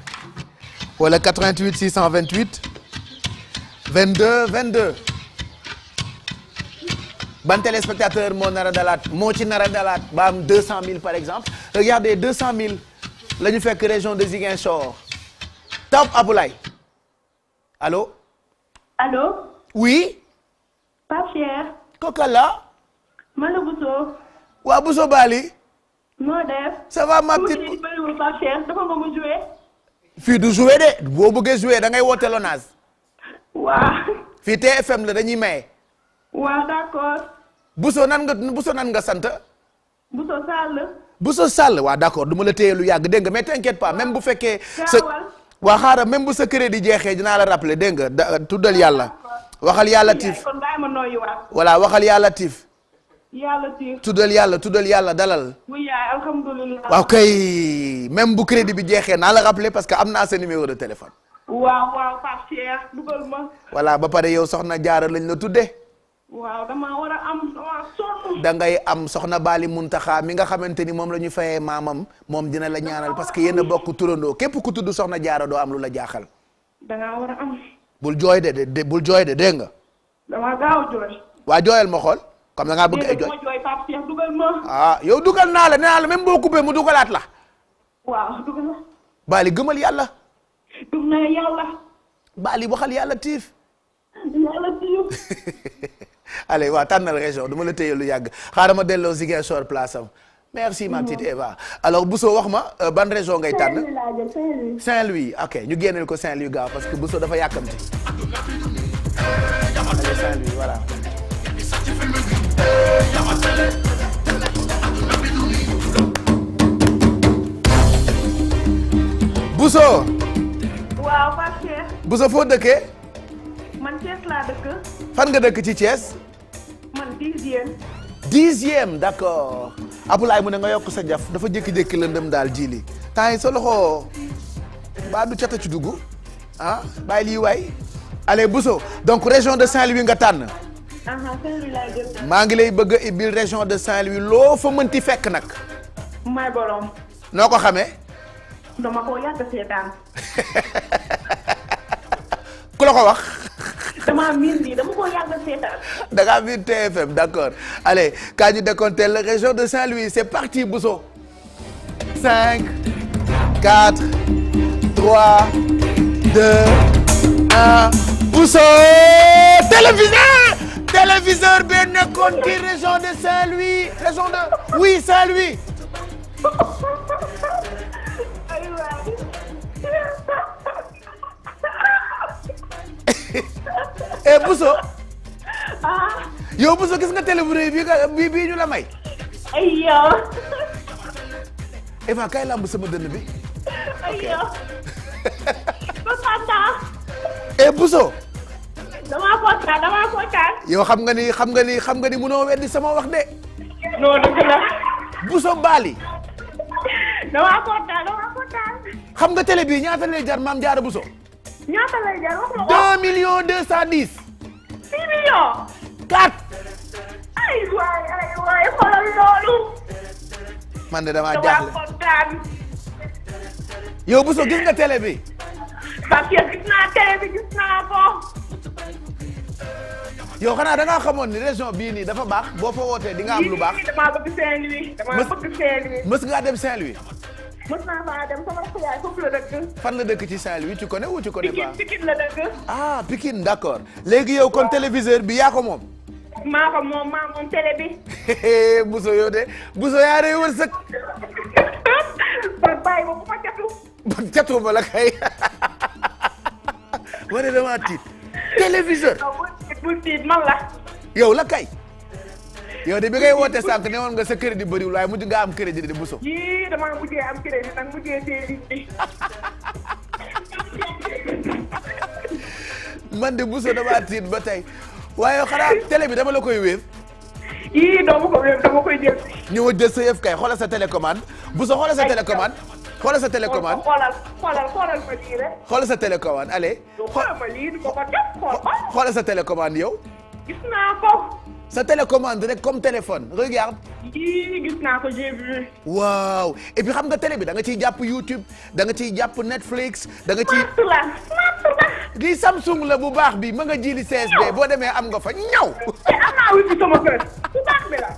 Speaker 1: wala 88 628 22 22 ban téléspectateur moo nar a dalaat moo ci nar a dalaat ba am 200 000 par exemple regardez 200 000 la ñu fekk région de Ziguinchor Top Aboulaye allo. allo. oui. Pape Cheikh. kooka la. man la Bousso. waa Bousso Bali. moo def. ça va ma petite. dafa nga mu joué. fii du joué de boo bëggee joué da ngay woote Lonase. waaw. fii TFM la dañuy maye. waaw d'accord. Bousso nan nga Bousso nan nga sant.
Speaker 2: Bousso Sall.
Speaker 1: Bousso Sall waaw d'accord du ma la téye lu yàgg dégg mais t'inquiète pas même bu fekkee. sa waa xaaral même bu sa crédit jeexee dinaa la rappeler dégg nga da tuddal yàlla.
Speaker 2: waxal yàlla tiif kon
Speaker 1: waxal yàlla tiif.
Speaker 2: yàlla tuddal
Speaker 1: yàlla tuddal yàlla dalal. waaw kay même bu crédit bi jeexee naa la rappeler parce que am naa sa numéro de téléphone.
Speaker 2: waaw waaw Pape Cheikh dugal ma.
Speaker 1: voilà ba pare yow soxna jaara lañ la tudde
Speaker 2: waaw damaa am damaa
Speaker 1: sonn. da ngay am soxna Baali Muntaxa mi nga xamante ni moom la ñu fayee maamam moom dina la ñaanal parce que yenn a bokk turandoo képp ku tudd soxna jaara doo am lu la jaaxal.
Speaker 2: da ngaa war a am.
Speaker 1: bul jooy de de nga. damaa gaaw a waa jooyal ma xool. comme danga bëgg ay jooy ah yow dugal naa la nee naa la même boo coupé mu dugalaat la. waaw dugal la. Baali gëmal yàlla. gëm naa waxal yàlla tiif. yàlla waa tànnal région du la téye lu yàgg xaaral ma delloo Ziguinchor place am. merci ma mhm. petite Eva alors Bousso wax ma euh, ban région ngay tànn. Saint-Louis ok ñu génneel ko Saint-Louis gaaw parce que Bousso dafa yàkkamti. Saint-Louis voilà. Bousso.
Speaker 2: waaw Pape Cheikh.
Speaker 1: Bousso foo dëkkee.
Speaker 2: man Thiès laa dëkk.
Speaker 1: fan nga dëkk ci Thiès.
Speaker 2: man dixième.
Speaker 1: dixième d'accord Abdoulaye mu ne nga yokk sa jaf dafa jékki-jékki lëndëm daal jiili temps yi sa loxo baa du cata ci dugg ah bàyyi lii waay. allez Bousso donc région de Saint-Louis nga tànn. maa ngi lay bëgg i ibbil région de Saint-Louis loo fa mënti fekk nag.
Speaker 2: may borom. noo ko xamee. dama ko yàgg seetaan.
Speaker 1: ku la ko wax.
Speaker 2: damaa miin lii dama
Speaker 1: ko de Saint-Louis parti Bousso. 5 4 3 2 1 Bousso téléviseur. téléviseur bi nekkoon ci région de Saint-Louis région de Saint-Louis. eh Bousso. yow Bousso gis nga télé bu rëy bii nga ñu la may. aywa. kay lamb sama dënn bi. aywa. Eh, ba
Speaker 2: damaa kontaan damaa
Speaker 1: xam nga ni xam nga ni xam nga ni munoo weddi sama wax de. non dëgg la. Bousso xam nga télé bi ñaata lay jar maam jaar Bousso.
Speaker 2: ñaata lay jar
Speaker 1: wax cent dix.
Speaker 2: six millions. quatre. ay waay ay loolu.
Speaker 1: man de damaa jaaxle damaa kontaan. yow gis nga télé
Speaker 2: Pape Cheikh gis naa télé bi gis naa ko.
Speaker 1: yow xanaa da ngaa xamoon ni région bii nii dafa baax boo fa wootee di nga am lu baax. lii damaa bëgg Saint-Louis. damaa bëgg Saint-Louis. mës ngaa dem Saint-Louis. mës naa faa dem sama rakk yaay foofu la dëkk. fan la dëkk ci Saint-Louis tu connais ou tu connais pas. Pikine Pikine la ah Pikine d'accord léegi yow kon téléviseur bi yaa ko moom. maa ko moom maa moom télé bi. Bousso yow de Bousso yaa
Speaker 2: ba bàyyi ba bu ma
Speaker 1: catu. ba ba la ma ne damaa tiit téléviseur. bul tiit man la. kay. yow de bi ngay woote sànq ne nga sa crédit bëriwul waaye mujj nga am crédit de Bousso. yii damaa mujjee am crédit nag mujjee man de Bousso damaa tiit ba tey waaye xanaa télé bi dama la koy wéef. yii doomu ko wéef dama koy jël. ñëw jël sa yëf kay xoolal sa télécommande. Bousso xoolal sa télécommande xoolal sa télécommande xoolal xoolal sa télécommande allez. xoolal sa télécommande yow. gis naa ko. sa télécommande rek comme téléphone regarde. yii gis naa ko j'ai vu. waaw et puis xam nga télé bi da ciy jàpp YouTube da nga ciy jàpp Netflix da nga ciy. smart la Samsung la bu baax bi ma nga jili CSB boo demee am nga fa ñaw. te eh, bi la.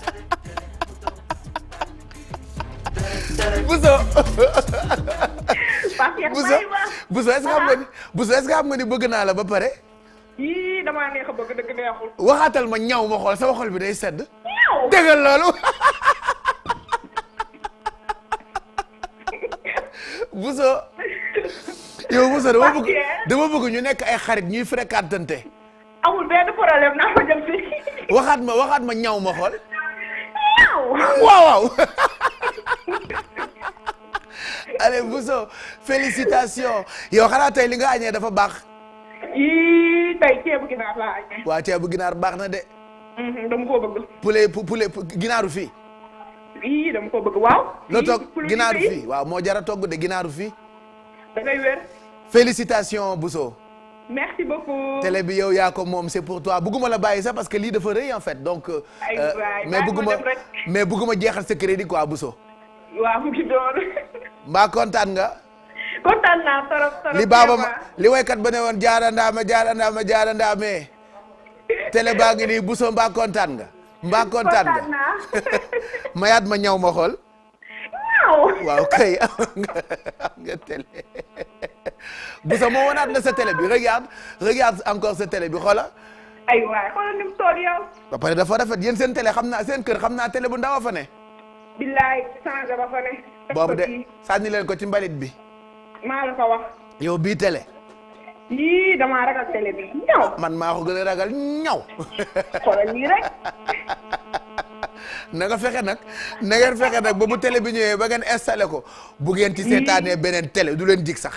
Speaker 1: Bousso. Bousso Bousso est-ce xam nga ni bëgg naa la ba pare. waxaatal ma ñaw ma xool sama xol bi day sedd. ñaw loolu. Bousso yow Bousso dama bëgg dama bëgg ñu nekk ay xarit ñuy fréquentante. amul waxaat ma waxaat ma ñaw ma xool. waaw waaw. allez Bousso félicitations yow xanaa tey li nga añee dafa baax. waa tey ceebu ginaar laa baax na de. Mm-hmm, dama koo bëgg. poulet poulet ginaaru fii. yii koo bëgg waaw. loo toog ginaaru fii waaw moo jara togg de ginaaru fii. da ngay wér. félicitations Bousso. bi yow yaa ko moom c'est pour toi bëgguma la bàyyi sax parce que lii dafa rëy en fait donc. Euh, euh mais bëgguma mais bëgguma jeexal sa crédit quoi Bousso. waaw kontaan nga. li baaba ma li waykat ba ne woon jaarandaame jaarandaame jaarandaame télé baa ngi nii buso mbaa kontaan nga. mbaa kontaan nga mayaat ma ñaw ma xool. waaw buso moo wanaat na sa télé bi regarde regarde encore sa télé bi xoola. ay pare dafa rafet yéen seen télé xam naa seen kër xam naa télé bu ndaw a fa billaay changé boobu de sànni leen ko ci mbalit bi. maa la ko yow bii télé. man maa ko gën a ragal ñaw. xoolal lii fexe nag na ngeen fexe nag ba bu télé bi ñëwee ba ngeen installé ko bu ngeen ci seetaanee beneen télé du leen dig sax.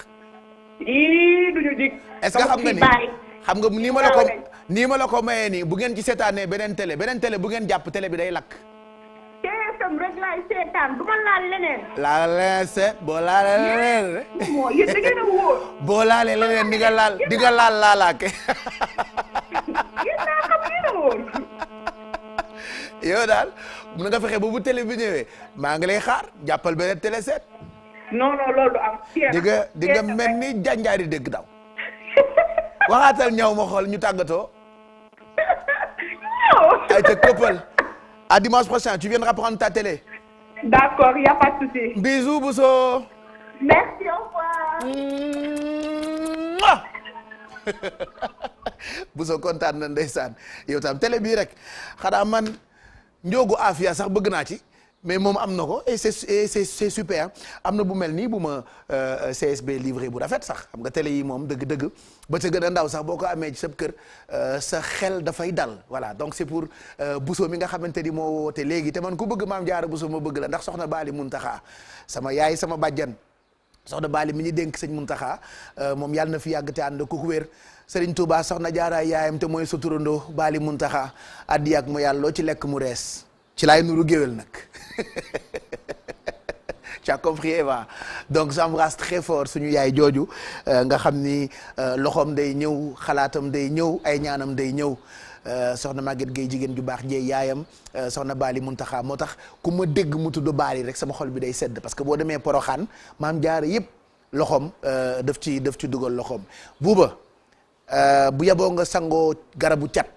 Speaker 1: yii du ñu dig. est-ce que xam nga ni xam nga nii ma la ko nii ko mayee nii bu ngeen ci seetaanee beneen télé beneen télé bu jàpp tele bi day lakk.
Speaker 2: TFM rek laay boo laalee leneen
Speaker 1: rek. laal di laalaake. yow daal mun fexe ba bu télé maa ngi lay xaar jàppal beneen télé seet. non non mel ni jànjaari dégg daw. waxaatal ñaw ma ñu tàggatoo. ay ca këppal. à dimanche prochain tu viendras prendre ta télé. d'accord y a pas de souci. bisous Bousso. merci au revoir. Bousso kontaan na ndeysaan yow tam télé bii rek xanaa man Ndiogu Afia sax bëgg naa ci. mais moom am na ko et c'est c'est super am na bu mel nii bu ma euh, CSB livré bu rafet sax xam nga télé yi moom dëgg-dëgg ba ca gën a ndaw sax boo ko amee ci sa kër euh, sa xel dafay dal voilà donc c'est pour euh, Bousso mi nga xamante ni moo woote léegi te man ku bëgg maam jaara Bousso ma bëgg la ndax soxna Baali Muntaxa sama yaay sama bàjjan soxna Baali mi ñu dénk sëñ Muntaxa moom yàlla na fi yàgg te ànd ko wér Sëriñ Tuubaa soxna jaaraay yaayam te mooy sa turandoo Baali Muntaxa addi ak mu yàlla loo ci lekk mu rees ci laay nuru géwél nag tu as compris Eva donc j'embrasse très fort suñu yaay jooju euh, nga xam ni euh, loxoom day ñëw xalaatam day ñëw ay ñaanam day ñëw euh, soxna Maguette Gueye jigéen ju baax jeey yaayam soxna mun Muntaxa moo tax ku ma dégg mu tudd Baali rek sama xol bi day sedd parce que boo demee Poroxaan maam jaara yëpp loxoom daf ci def ci dugal loxoom buuba bu yaboo nga sangoo garabu cat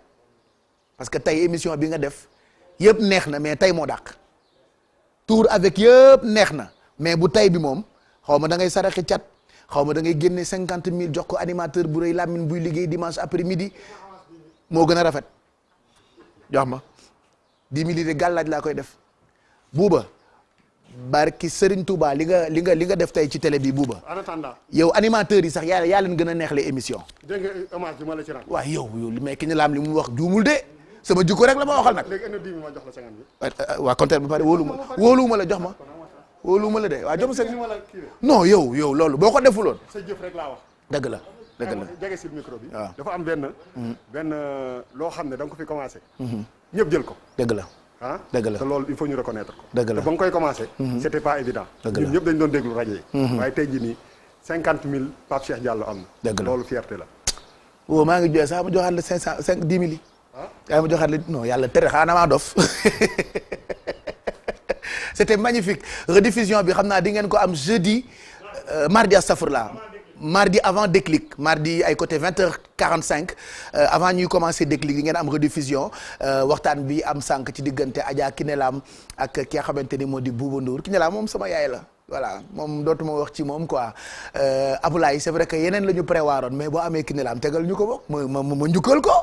Speaker 1: parce que tey émission bi nga def yépp neex na mais tey moo dàq tour avec yëpp neex na mais bu tey bi moom xaw ma da ngay saraxi cat xaw ma da ngay génne cinquante mille jox ko animateur bu rey Lamine buy liggéey dimanche après midi moo gën a rafet jox ma di mille de gàllaaj laa koy def buuba barki Serigne Touba li nga li nga li nga def tey ci télé bi buuba yow animateur yi sax yaa yaa leen gën a neexle émission. dégg yow yow li may ki ñu li mu wax juumul de. sama jikko rek la ma waxal nag. léegi indi dix mille ma jox la cinquante bi. Ah, ah, waa compteur bi pare wóoluwuma la jox ma wóoluwuma la de waa jox ma sa. non yow yow loolu boo ko defuloon. sa laa wax. dëgg la dëgg la si micro bi. waaw dafa am benn. Hmm. benn euh, loo xam ne da nga ko fi commencé. Hmm. ñëpp jël ko. dëgg la. ah dëgg la te loolu il faut ñu reconnaître ko. dëgg la hmm. dëgg la ñun dañu doon déglu rajo yi. waaye tey jii nii cinquante mille Pape Cheikh Diallo am na. dëgg la loolu fierté la. woo maa ngi joxe sax ma joxaat la cinq dix mille yaa ma joxaat la non yàlla tere xanaa maa dof c'était magnifique xam naa di ngeen ko am jeudi euh, mardi astafurlah mardi avant déclic mardi ay côté 20h45 euh, avant ñuy commencer déclic di ngeen am rediffusion euh, waxtaan bi am sànq ci diggante Adja Kinelam ak ki nga ni moo di Bouba Ndour Kinelam moom sama yaay la voilà moom dootuma wax ci moom quoi euh, Aboulaye c'est vrai que yeneen la ñu prévoiroon mais boo amee Kinelam tegal ñu ko bokk ma ma ma njukkal ko.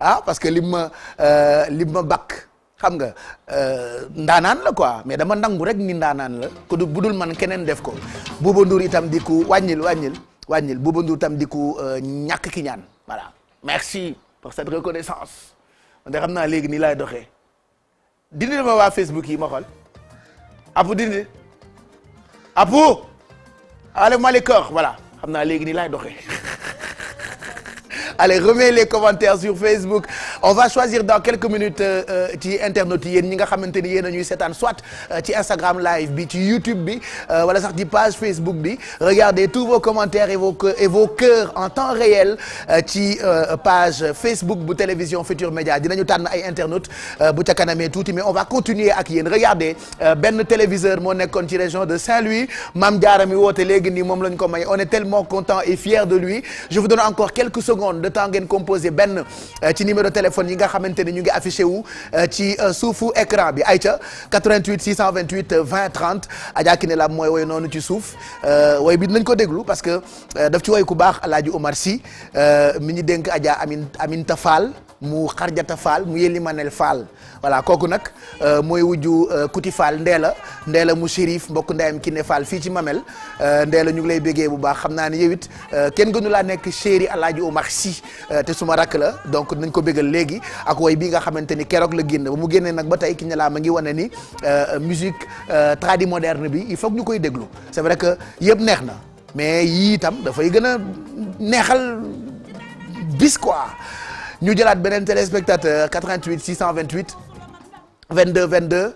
Speaker 1: ah parce que lim ma euh, lim ma bakk xam nga euh, ndaanaan la quoi mais dama nangu rek ni ndaanaan la ku du budul man keneen def ko Bouba Ndour itam di ku wàññil wàññil wàññil Bouba Ndour itam di ku euh, ñàkk ki ñaan voilà merci pour cette reconnaissance ndax xam naa léegi nii laay doxe dindi ma waa Facebook yi ma xool apu dindi apu allo Malick voilà xam naa léegi nii laay doxee. allez remets les commentaires sur Facebook on va choisir dans quelques minutes euh, ci internautes yéen ñi nga xamante ni yéen a ñuy seetaan soit euh, ci Instagram live bi ci YouTube bi euh, wala sax ci page Facebook bi regardez tous vos commentaires et vos et vos cœurs en temps réel ci page Facebook bu télévision Futur Média dinañu tànn ay internautes bu ca kanamee tuuti mais on va continuer ak yéen regardez benn téléviseur moo nekkoon ci région de Saint-Louis Mame Diarra mi moom lañ ko may on est tellement content et fier le temps ngeen composé benn euh, ci numéro téléphone yi nga xamante ni ñu ngi affiché wu euh, ci euh, suufu écran bi ayca 88 628 20 30 Adja Kine Lam mooy woy noonu ci suuf woy bi nañ ko déglu parce que daf ci woy ku baax a Alaaji Omar Sy mi ñu dénk Adja Amin Aminta Fall mu xarjata faal mu yëli manel faal voilà kooku nag euh, mooy wujju euh, kuti faal ndeela ndeela mu shérif mbokk ndeyam ki ne faal fii ci mamel euh, ndeela ñu ngi lay béggee bu baax xam naa ne yow it kenn gënu laa nekk chéri alaaji Omar si te suma rakk la donc nañ ko bëggal léegi ak woy bi nga xamante ni keroog la génn ba mu génnee nag ba tey ki ne laa ma ngi wane ni musique tradi moderne bi il faut ñu koy déglu c'est vrai que yëpp neex na mais yii itam dafay gën a neexal bis quoi ñu jëlaat beneen téléspectateur 88 628 22 22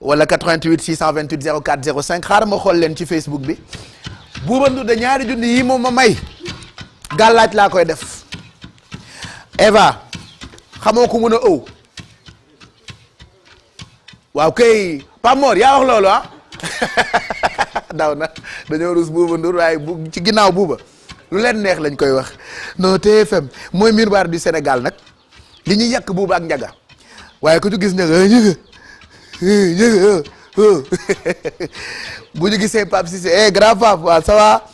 Speaker 1: wala 88 628 04 cinq xaaral ma xool leen ci Facebook bi Bouba Ndour ñaari junni yi moom a may gàllaaj laa koy def Eva xamoo ko mën a ëw waaw kay Pape Mor yaa wax loolu ah daw na dañoo rus Bouba Ndour waaye bu ci ginnaaw Bouba. lu leen neex lañ koy wax non TFM mooy miroir du Sénégal nag li ñuy yàq buuba ak njaga waaye ku ci gis njaga eh, njaga eh, njaga eh, gisee Pape Cissé eh grand Pape waaw ça va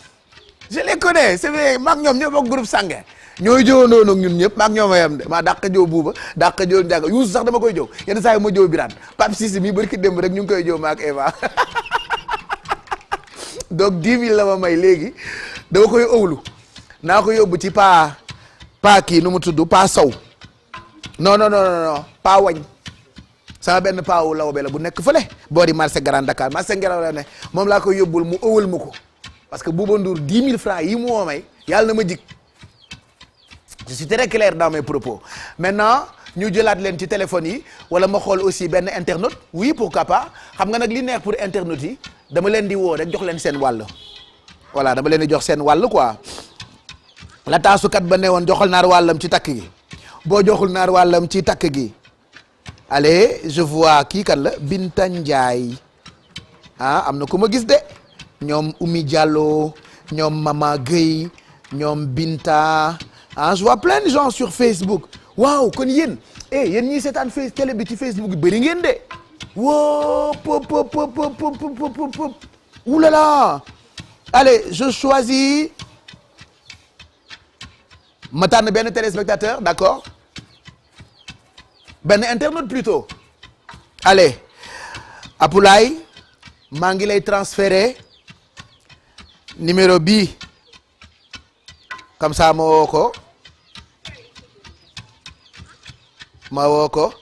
Speaker 1: je les connais c'est vrai maak ñoom ñoo bokk groupe Sange ñooy jëwandoon ak ñun ñëpp maak ñoom yam yem de maa dàq jëw buuba dàq jëw njaga yuusu sax dama koy jëw yenn saa yi ma jëw Birane Pape Cissé mii barki démb rek ñu ngi koy jëw maak Eva donc dix mille la ma may léegi dama koy ëwlu naa ko yóbbu ci paa paa kii nu mu tudd paa sow non non non non paa wañ sama benn paa wu lawbe la bu nekk fële boori marché Grand Dakar marché ngelaw la moom laa koy yóbbul mu ëwal ma ko parce que Bouba Ndour dix mille francs yi mu woo may yàlla na ma jig si suis très clair dans mes propos maintenant ñu jëlaat leen ci téléphone yi wala ma xool aussi benn internaute oui pourquoi pas xam nga nag li neex pour internautes yi dama leen di woo rek jox leen seen wàll voilà dama leen di jox seen wàll quoi la taasukat ba ne woon joxal naar wàllam ci takk gi boo joxul naar wàllam ci takk gi allez je vois kii kan la Binta Ndiaye ah am na ku ma gis de ñoom Oumy Diallo ñoom Mama Gueye ñoom Binta ah je vois plein de gens sur Facebook waaw kon yéen eh yéen ñii seetaan face télé bi ci Facebook bëri ngeen de. Wow, pop, pop, pop, pop, pop, pop, pop, pop. Ouh là là. Allez, je choisis. ma tànn benn téléspectateur d'accord benn internaute plutôt allez Apulaay maa ngi lay transférer numéro bi comme ça ma woo ko ma woo ko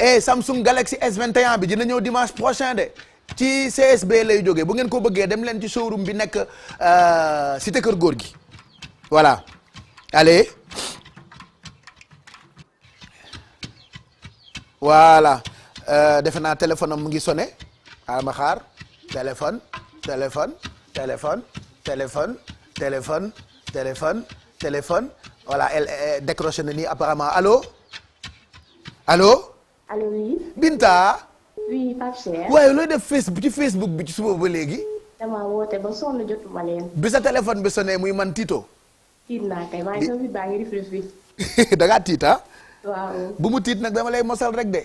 Speaker 1: et eh, Samsung Galaxy S21 bi dina ñëw dimanche prochain de ci CSB lay jógee bu ngeen ko bëggee dem leen ci showroom bi nekk euh, cité kër góor gi voilà allez voilà euh, defe naa téléphone am mu ngi sonné xaaral ma xaar téléphone téléphone téléphone téléphone téléphone téléphone téléphone voilà elle décroché na nii apparemment allo allo. allo oui. Binta.
Speaker 2: oui Pape Cheikh. waaye looy
Speaker 1: def Facebook ci Facebook bi ci suba ba léegi.
Speaker 2: damaa woote ba sonn jotuma leen.
Speaker 1: bi sa téléphone bi sonné muy man Tito.
Speaker 2: tiit naa
Speaker 1: bu mu tiit nag dama lay mosal rek de.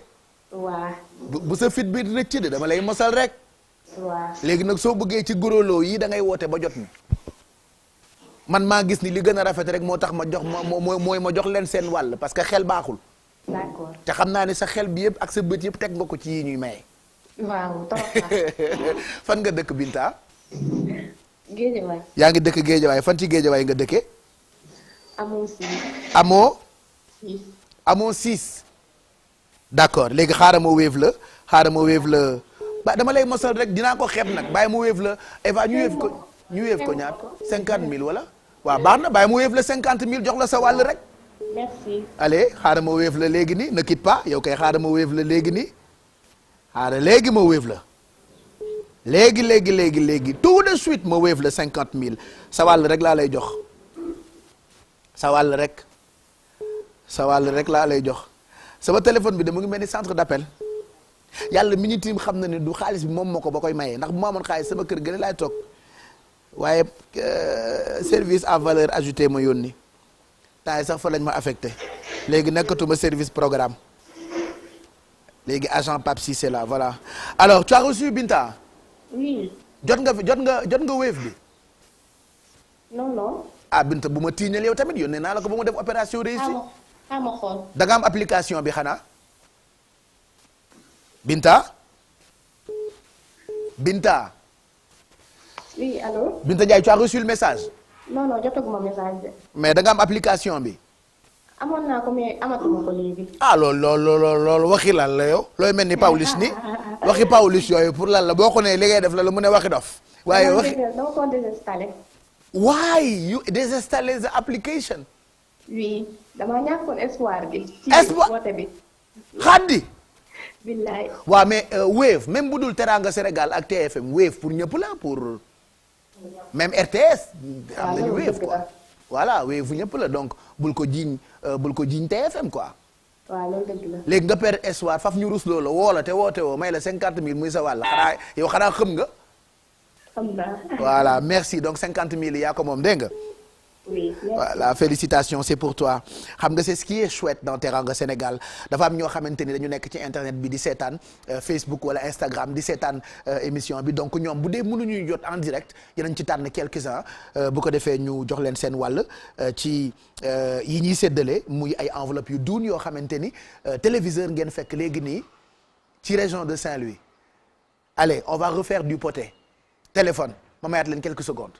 Speaker 1: waaw. bu sa fit bi rëcc de dama lay mosal rek. waaw. léegi nag soo bëggee ci goroloo yi da ngay woote ba jot ñu. man maa gis ni li gën a rafet rek moo tax ma jox ma mooy ma jox leen seen wàll parce que xel baaxul. d'accord te xam naa ne sa xel bi yëpp ak sa bët yëpp teg nga ko ci yi ñuy maye. fan nga dëkk Binta. yaa ngi dëkk Géejawaay fan ci Géejawaay nga dëkkee. amoo amoo. six amoo six. d'accord léegi xaaral ma wéef la xaaral ma wéef la ba dama lay mosal rek dinaa ko xeeb nag baay mu wéef la Eva ñu wéef ko ñu wéef ko ñaata cinquante mille wala. waaw baax na bàyyi mu wéef la cinquante mille jox la sa wàll rek. merci. allez xaaral ma wéef la léegi nii ne pas yow kay xaaral ma wéef la léegi nii xaaral léegi ma wéef la léegi léegi léegi léegi tout de suite ma wéef la cinquante mille sa wàll rek laa lay jox sa wàll rek sa rek laa lay jox sama téléphone bi de mu ngi mel ni centre d'appel. yàlla mi ñu tiim xam na ne du xaalis bi moom moo ko ba koy maye ndax bu ma amoon xaalis sama kër gën a laay toog waaye euh, service à valeur ajoutée ma yónni temps sax fa lañ ma affecté léegi nekkatuma service programme léegi agent Pape Cissé là voilà alors tu as reçu Binta. jot nga jot nga jot nga wave bi. non ah Binta bu ma tiiñal yow tamit yónnee naa la ko ba ma def opération réussie. ah ma xool am application bi xanaa. Binta. Binta.
Speaker 2: oui allô.
Speaker 1: Binta Ndiaye tu as reçu message.
Speaker 2: non non jotaguma
Speaker 1: mais danga am application bi.
Speaker 2: amoon naa ko mais amatuma ko léegi. ah
Speaker 1: loolu loolu loolu loolu waxi lan la yow looy mel ni Pawlish ni waxi Pawlish yooyu pour lan la boo ko nee liggéey def la la mu ne waxi dof. waaye waxi dama ko you désinstallé the application. oui dama mais euh, Wave même bu dul Teranga Sénégal ak TFM Wave pour ñëpp la pour. même RTS. am ah, nañu Wave quoi voilà Wave ñëpp la donc bul ko jiiñ euh, bul ko jiiñ TFM quoi.
Speaker 2: waaw loolu dëgg
Speaker 1: léegi nga per espoir faf ñu rus loola woo te woote woo may la cinquante mille muy sa wàll xanaa yow xanaa xam nga. xam naa voilà merci donc cinquante mille yaa ko moom dégg nga. oui la félicitations c'est pour toi xam nga c'est ce qui est chouette dans Teranga Sénégal dafa am ñoo xamante ni dañu nekk ci internet bi di seetaan euh, Facebook wala Instagram di seetaan euh, émission bi donc ñoom bu dee mënuñuy jot en direct dinañ ci tànn quelques-uns euh, bu ko defee ñu jox leen seen wàll ci yi ñuy séddale muy ay enveloppe yu duun yoo xamante ni téléviseur ngeen fekk léegi nii ci région de Saint-Louis allez on va refaire du poté téléphone ma mayaat leen quelques secondes.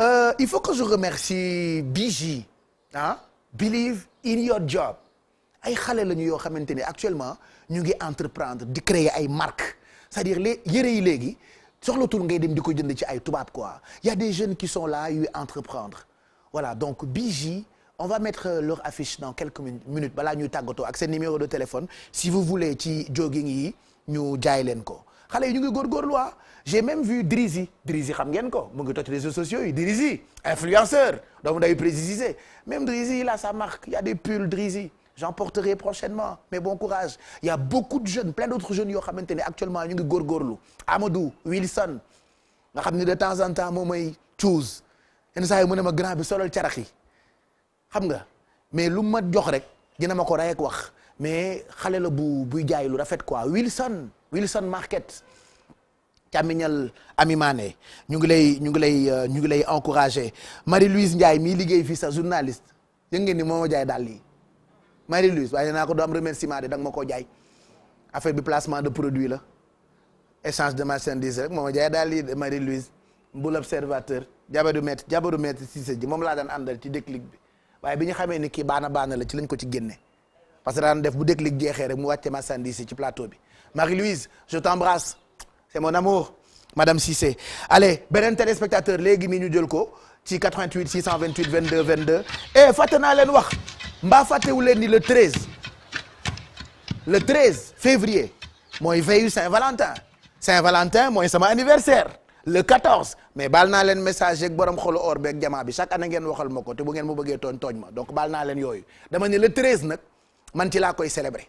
Speaker 1: Euh, il faut que je remercie BJ ah Believe in your job ay xale la ñu yoo xamante ne actuellement ñu ngi entreprendre di créer ay marques c'est-à-dire les yére yi léegi soxlatul ngay dem di ko jënd ci ay tubaab quoi ya y a des jeunes qui sont là yuy entreprendre voilà donc BJ on va mettre euh, leur affiche dans quelques minutes balaa ñuy tàggatoo ak seen numéro de téléphone si vous voulez ci jogging yi ñu jaay leen ko xale yi ñu ngi góorgóorlu ah. j'ai même vu Drizzy Drizzy xam ngeen ko mu ngi toj réseaux sociaux yi Drizzy influenceur donc day préciser même Drizzy il a sa marque il y a Drizzy j'en porterai prochainement mais bon courage il beaucoup de jeunes plein d'autres jeunes yoo xamante ne actuellement ñu ngi góorgóorlu Amadou Wilson nga xam ni de temps en temps moom mooy choose yenn saa yi mu ne ma grand bi solal carax yi xam nga mais lu ma jox rek dina ma ko rey ak wax mais xale la bu buy jaay lu rafet quoi Wilson Wilson Market càmmiñal Ami Mané ñu ngi lay ñu ngi lay euh, ñu ngi lay encouragé Marie Louise Ndiaye mii liggéey fii sa journaliste yëg ngeen ni moom ma jaay daal yi Marie Louise waaye naa ko do am remerciement de da nga ma koo jaay affaire bi placement de produit la échange de marchandise rek moo ma jaay daal yi Marie Louise mbul observateur jabaru maître jabaru maître Cissé ji moom laa daan àndal ci déclic bi waaye bi ñu xamee ni kii baana baana la ci lañ ko ci génne parce que daan def bu déclic jeexee rek mu wàcce marchandise yi ci plateau bi c'est mon amour madame Cissé ale beneen téléspectateur léegi mi ñu jël ko ci 88 628 22 22 eh fàtte naa leen wax mbaa fàttewu leen ni le 13 le 13 février mooy veillu Saint-Valentin Saint-Valentin mooy sama anniversaire le 14 mais baal naa leen message yeeg borom xolu or beeg jamaa bi chaque année ngeen waxal ma ko te bu ngeen ma bëggee tooñ tooñ ma donc baal naa leen yooyu dama ne le 13 nag man ci laa koy célébrer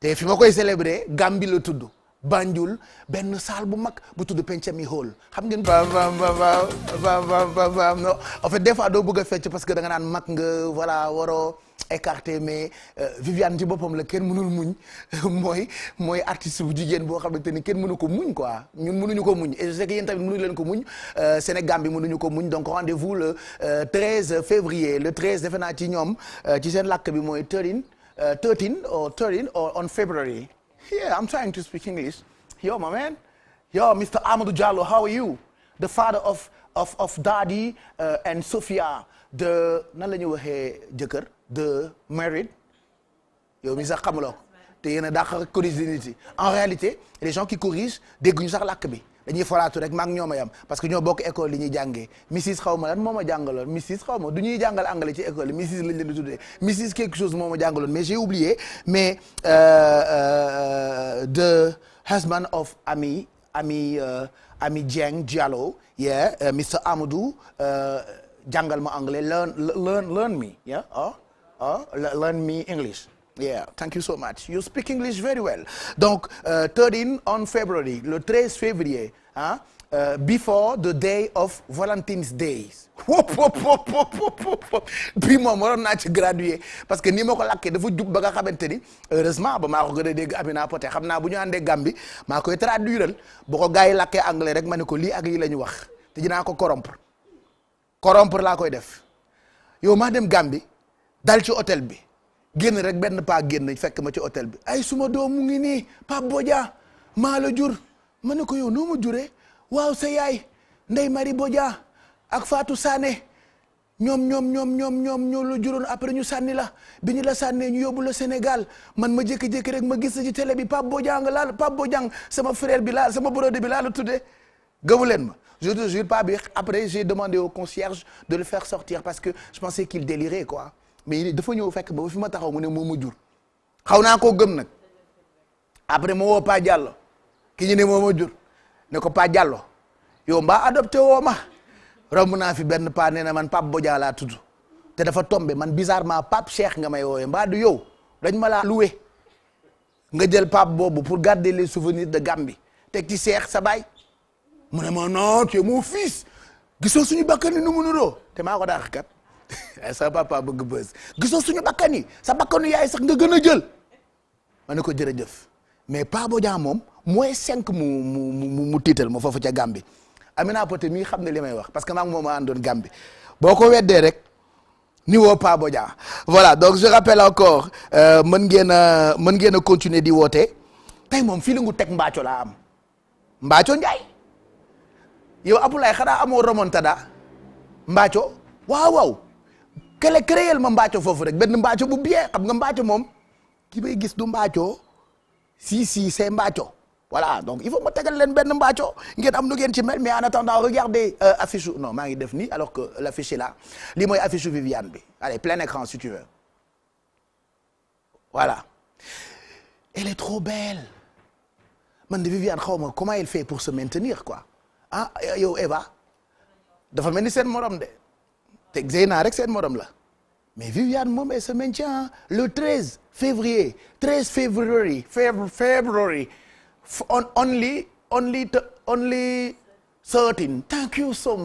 Speaker 1: te fi ma koy célébrer Gambie la tudd. Banjul benn salle bu mag bu tudd Pencami Hall xam ngeen. waaw waaw waaw waaw waaw waaw non en fait des fois doo bëgg a fecc parce que da nga naan mag nga voilà waroo écarté mais euh, Viviane ci boppam la kenn mënul muñ mooy mooy artiste bu jigéen boo xamante ni kenn mënu ko muñ quoi ñun mënuñu ko muñ et je sais que yéen tamit mënuñu leen ko muñ euh, Sénégal bi mënuñu ko muñ donc rendez-vous le 13 euh, février le 13 defe naa ci ñoom ci seen làkk bi mooy 13 13 or 13 or on February. Yeah, I'm trying to speak English. Yo, my man. Yo, Mr. Amadou Jallo, how are you? The father of of of Daddy uh, and Sophia de nan la ñu waxee jëkkër de married yow mi sax xamuloo ko te yéen a en réalité les gens qui corrigent dégguñu sax làkk bi. dañuy foraatu rek maak ñoo ma yam parce que ñoo bokk école li ñuy jàngee missis xaw ma lan moo ma jàngaloon missis du ñuy jàngal anglais ci école yi missis lañ leen di tuddee missis quelque mais j'ai oublié mais euh, euh, the euh, yeah euh, Mr Amadou euh, jàngal ma anglais learn learn learn me oh, oh, English Yeah, thank you so speak English very well. Donc, uh, 13 on February, le 13 février, hein, uh, before the day of Valentine's Day. wop wop wop moom waroon naa ci gradué parce que nii ma ko lakkee dafa jub ba nga xamante ni heureusement ba maa ko gën a naa Amina Poté xam naa bu ñu àndee Gambie maa koy traduiral bu ko gars yi anglais rek ma ne ko lii ak lii la ñu wax te dinaa ko corrompre corrompre laa koy def yow maa dem Gambie dal ci hôtel bi. génn rek benn paa génn fekk ma ci hôtel bi ay suma doom mu ngi nii Pape Bodia maa la jur ma ne ko yow noo ma juree waaw sa yaay Ndey Mari Bodia ak faatu Sané ñoom ñoom ñoom ñoom ñoom ñoo la juróon après ñu sànni la bi ñu la sànnee ñu yobu la Sénégal man ma jekki jékki rek ma gis ci télé bi pap Pape Bodiang laal pap Pape Bodiang sama frère bi laal sama brode bi laal la tuddee gëmu leen ma je te jure après j'ai demandé au concierge de le faire sortir parce que je pensais qu'il délirait quoi mais dafa ñëw fekk ba fi ma taxaw mu ne moo ma jur xaw naa koo gëm nag après ma woo Pa Diallo ki ñu ne moo jur ne ko Pa Diallo yow mba adopté woo ma romb naa fi benn pa na man Pape Bodia laa tudd te dafa tombe man bizarrement Pape Cheikh nga may wooy mbaa du yow dañ ma laa loué nga jël pape boobu pour garder les souvenir de Gambie te ci Cheikh sa baay mu ne ma non tu es mon fils gisoo suñu bakkan ni nu mu nuroo te maa ko daax kat Eh, sa papa bëgg bës gisoo suñu bakkan yi sa bakkanu yaay sax nga gën a jël ma ne ko jërëjëf mais Pa Bodian moom mooy cinq mu mu mu mu tiital ma foofu ca Gàmbi Amina Poté mii xam ne li may wax parce que maa ngi moom a àndoon Gàmbi boo ko weddee rek niveau Pa Bodian voilà donc je rappelle encore euh, mën ngeen a mën ngeen a continuer di woote tey moom fii la teg mbaaco laa am mbaaco Njaay yow Abdoulaye xanaa amoo remontada mbaaco waaw waaw kële créel ma mbaaco foofu rek benn mbaaco bu bien xam nga mbaaco moom ki may gis du mbaaco si si c'est wala voilà donc il faut ma tegal leen benn mbaaco ngeen am nu ngeen ci mel mais en attendant regardez euh, affiche non maa ngi def nii alors que l'affiche est là lii mooy affiche u Viviane bi allez plein écran si tu veux trop belle man de Viviane xaw ma comment elle fait pour se maintenir quoi ah euh, yow Eva dafa mel ni seen morom de te Zeyna rek seen morom la mais Viviane moom elle se maintient le 13 février 13 février février on only only only. certain thank you so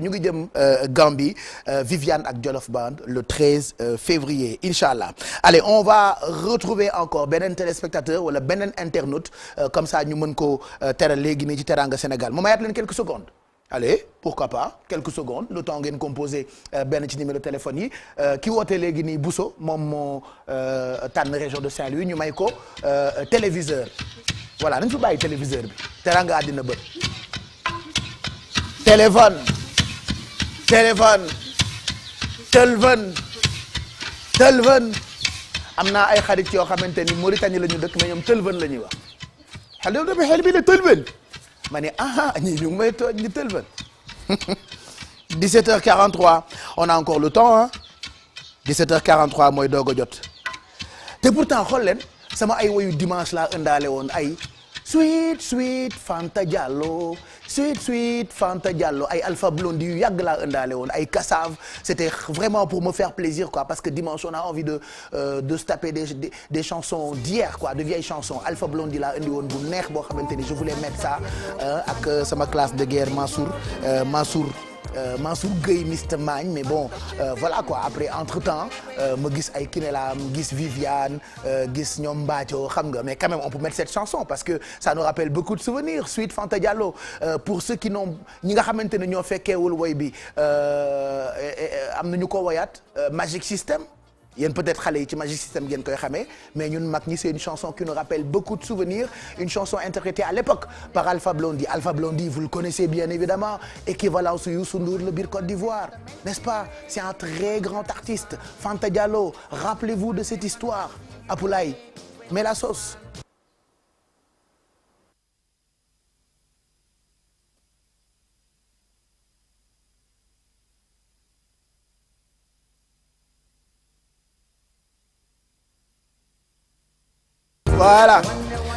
Speaker 1: ñu ngi jëm euh, Gambie euh, Viviane ak Jolof Band le 13 euh, février incha allah allez on va retrouver encore beneen téléspectateur wala beneen internaute comme ça ñu mën ko teral léegi nii ci teranga Sénégal mu mayaat leen quelques secondes allez pourquoi pas quelques secondes lu temps ngeen composé euh, benn ci numéro téléphone yi euh, ki woote léegi nii Bousso moom moo euh, tànn région de Saint-Louis ñu may ko téléviseur voilà nañ fi bàyyi téléviseur bi tera nga àddina bët téléphone téléphone téléphone téléphone am na ay xarit yoo xamante ni Mauritanie la ñu dëkk mais ñoom téléphone la ñuy wax xale dafa xel bi téléphone ma ne ah, ah ñii ñu ngi may tooñ ñu tëlbën 17h43 on a encore le temps ah 17h43 mooy doog a jot te pourtant xool leen sama ay woyu dimanche laa ëndaale woon ay sweet sweet Fanta Diallo. suite suite Fanta Diallo ay Alpha Blondy yu yàgg laa ëndaale woon ay Kassav c'était vraiment pour me faire plaisir parce que dimanche on a envie de euh, de se taper des des, des chansons d'hier de vieilles chansons Alpha Blondy laa indi woon bu neex boo xamante ni je voulais mettre ça euh, ak euh, sama classe de guerre Mansour euh, Mansour. Euh, Mansour Gueye Mr Magne mais bon euh, voilà quoi après entre temps euh, ma gis ay Kinélam gis Viviane gis ñoom Mbathio xam nga mais quand même on peut mettre cette chanson parce que ça nous rappelle beaucoup de souvenirs suite Fanta Diallo pour ceux qui n'ont ñi nga xamante ne ñoo fekkeewul woy bi am na ñu ko woyaat Magic System yéen peut-être xale yi ci Magic System ngeen koy xamee mais ñun mag ñi c'est une chanson qui nous rappelle beaucoup de souvenirs une chanson interprétée à l'époque par Alpha Blondy Alpha Blondy vous le connaissez bien évidemment équivalent su Youssou Ndour le biir Côte d'Ivoire n'est-ce pas c'est un très grand artiste Fanta Diallo rappelez-vous de cette histoire Apoulaye mets la sauce voilà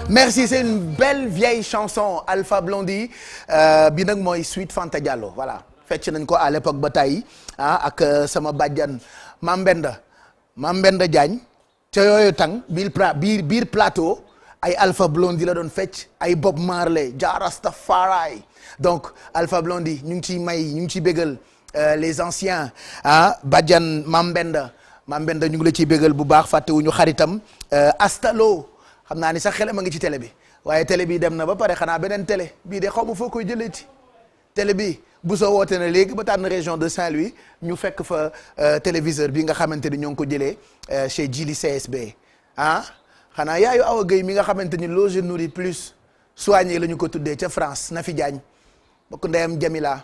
Speaker 1: merci c'est une belle vieille chanson Alpha Blondy euh, bi nag mooy Sweet Fanta Diallo voilà fecc nañ ko à l'époque ba tey ah ak euh, sama bàjjan Mam Mbenda Mam Diagne ca yooyu tàng biir biir biir plateau ay Alpha Blondy la doon fecc ay Bob Marley Jarastafari donc Alpha Blondy ñu ngi ciy may ñu ngi ciy bégal euh, les anciens ah bàjjan Mam Mbenda Mam Mbenda ñu ngi la ciy bégal bu baax fàttewuñu xaritam Astalo xam naa ni sax xel a ngi ci tele bi waaye télé bi dem na ba pare xanaa beneen tele bii de xaw ma foo koy jëlee ti télé bi bu soo woote na léegi ba tànn région de Saint-Louis ñu fekk fa euh, téléviseur bi nga xamante ni ñoo ngi ko jëlee euh, chez Jili CSB ah xanaa yaayu Awa Gueye mi nga xamante ni loge nourrit plus soigné la ñu ko tuddee ca France na Nafi Diagne bokk ndeyam Jamila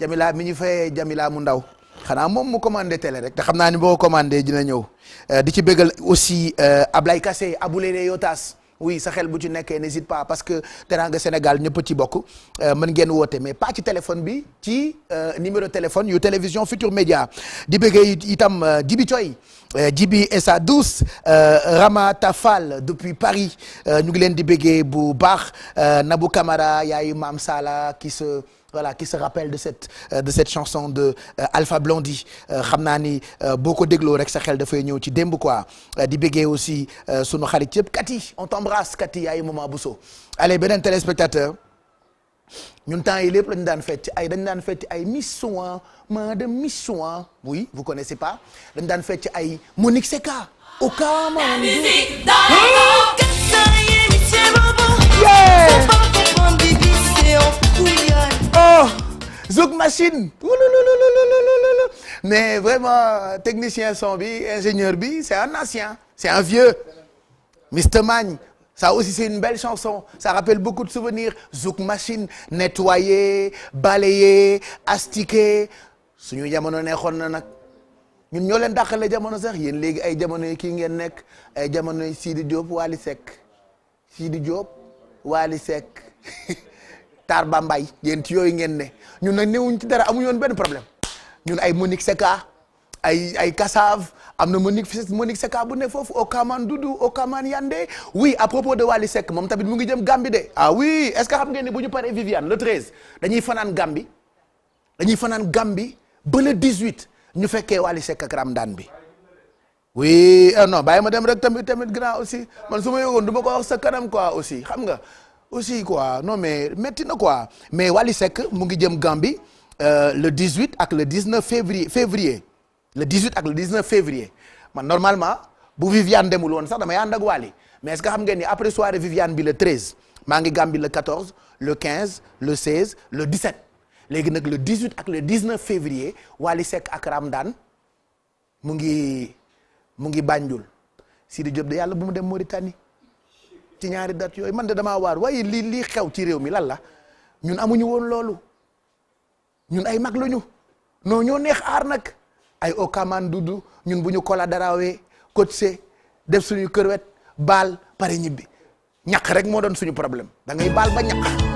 Speaker 1: Jamila mi ñu fayee Jamila mu ndaw xanaa moom mu commandé télé rek te xam naa ni boo commandé dina ñëw euh, di ci bégal aussi euh, Ablaye Kassé Aboulé Yotas oui sa xel bu ci nekkee n'hésite pas parce que Teranga Sénégal ñëpp ci bokk euh, man ngeen woote mais pas ci téléphone bi ci numéro téléphone yu télévision Futur Média di bëggee itam Jibi Coy Jibi et sa douce Rama Tafal depuis Paris ñu ngi leen di bëggee bu baax Nabou Camara yaayu Maam Sala qui se voilà qui se rappelle de cette euh, de cette chanson de euh, Alpha Blondy euh, xam naa ni boo ko dégloo rek sa xel dafay ñëw ci démb quoi di béggee aussi sunu xarit yëpp Cathy on t'embrasse Cathy ay moment Bousso allez beneen téléspectateur ñun temps yi lépp lañu daan fecc ay dañu daan fecc ay Missoua madame Missoua oui vous connaissez pas dañu daan fecc ay Monique Seka au Kamandu oh Zouk Machine mais vraiment technicien son bi ingénieur bi c'est un ancien c'est un vieux Mr Magne ça aussi c'est une belle chanson ça rappelle beaucoup de souvenirs Zouk Machine nettoyer balayer astiquer suñu jamono neexoon na nag ñun ñoo leen dàqale jamono sax yéen léegi ay jamono yi kii ngeen nekk ay jamono yi Sidi Diop Wally Seck Sidi Diop Wally Seck Tar ba yéen ci yooyu ngeen ne ñun nag newuñ ci dara amuñu woon benn problème ñun ay Monique Seka ay ay Kassav am na Monique Monique Seka bu ne foofu Okaman Doudou Okaman Yande oui à propos de Wally Seck moom tamit mu ngi jëm Gambie de ah oui est-ce que xam ngeen ni bu ñu paree Viviane le 13 dañuy fanaan Gambie dañuy fanaan Gambie ba le 18 ñu fekkee Wally Seck ak Ramdan bi. oui euh, non bàyyi ma dem rek tamit tamit grand aussi man su ma yëgoon du ma ko wax xam nga. aussi quoi non mais metti na quoi mais wali Seck mu ngi jëm Gambie euh, le 18 ak le 19 février février le 18 ak le 19 février man normalement bu Viviane demul woon sax dama ànd ak wali mais est-ce que xam ngeen ni après soirée Viviane bi le 13 maa ngi gambi le 14 le 15 le 16 le 17 léegi nag le 18 ak le 19 février Wally Seck ak Ramdan mu ngi mu ngi Banjul Sidi Diop de yàlla bu mu dem Mauritanie. ci ñaari dat yooyu man de damaa waar waaye lii lii xew ci réew mi lan la ñun amuñu woon loolu ñun ay mag lañu non ñoo neex aar nag ay okaman dudu ñun bu ñu kola darawee cotisé def suñu wet baal pare ñibbi ñaq rek moo doon suñu problème da ngay baal ba ñaq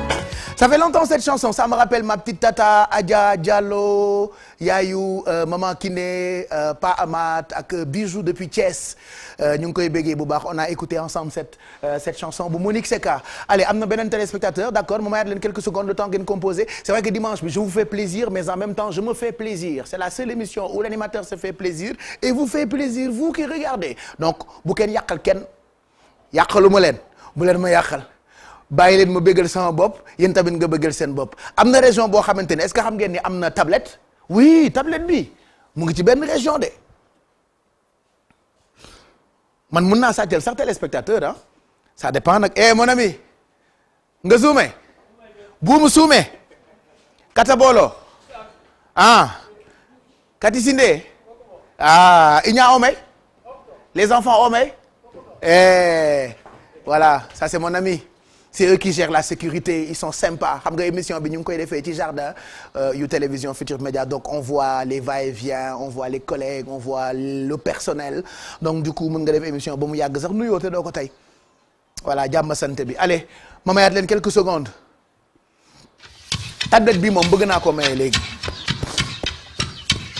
Speaker 1: ça fait longtemps cette chanson ça me rappelle ma petite tata Adja Diallo yaayu euh, maman Kiné euh, Pa Amat ak euh, Bijou depuis Thiès ñu ngi koy béggee bu baax on a écouté ensemble cette cette chanson bu Monique Seca allez am na beneen téléspectateur d'accord ma mayaat leen quelques secondes de temps ngeen composé c'est vrai que dimanche bi je vous fais plaisir mais en même temps je me fais plaisir c'est la seule émission où l'animateur se fait plaisir et vous fait plaisir vous qui regardez donc bu kenn yàqal kenn yàqalu ma leen bu leen ma yàqal bàyyi leen ma bëggal sama bopp yéen tamit nga bëggal seen bopp am na région boo xamante ne est que xam ngeen ni am na tablette oui tablette bi mu ngi ci benn région de man mun naa sàccal sax téléspectateur ah ça dépend nag eh mon ami nga suume buumu suume kata boolo ah kati sinde ah iña omey les enfants omey eh voilà ça c'est mon ami c'est eux qui gèrent la sécurité ils sont sympas xam nga émission bi ñu ngi koy defee ci jardin euh, yu télévision Futur Média donc on voit les va-et-vient on voit les collègues on voit le personnel donc du coup mën nga def émission ba mu yàgg sax nuyoo te doo ko tey voilà jàmm sant bi allez ma mayaat leen quelques secondes tablette bi moom bëgg naa koo maye léegi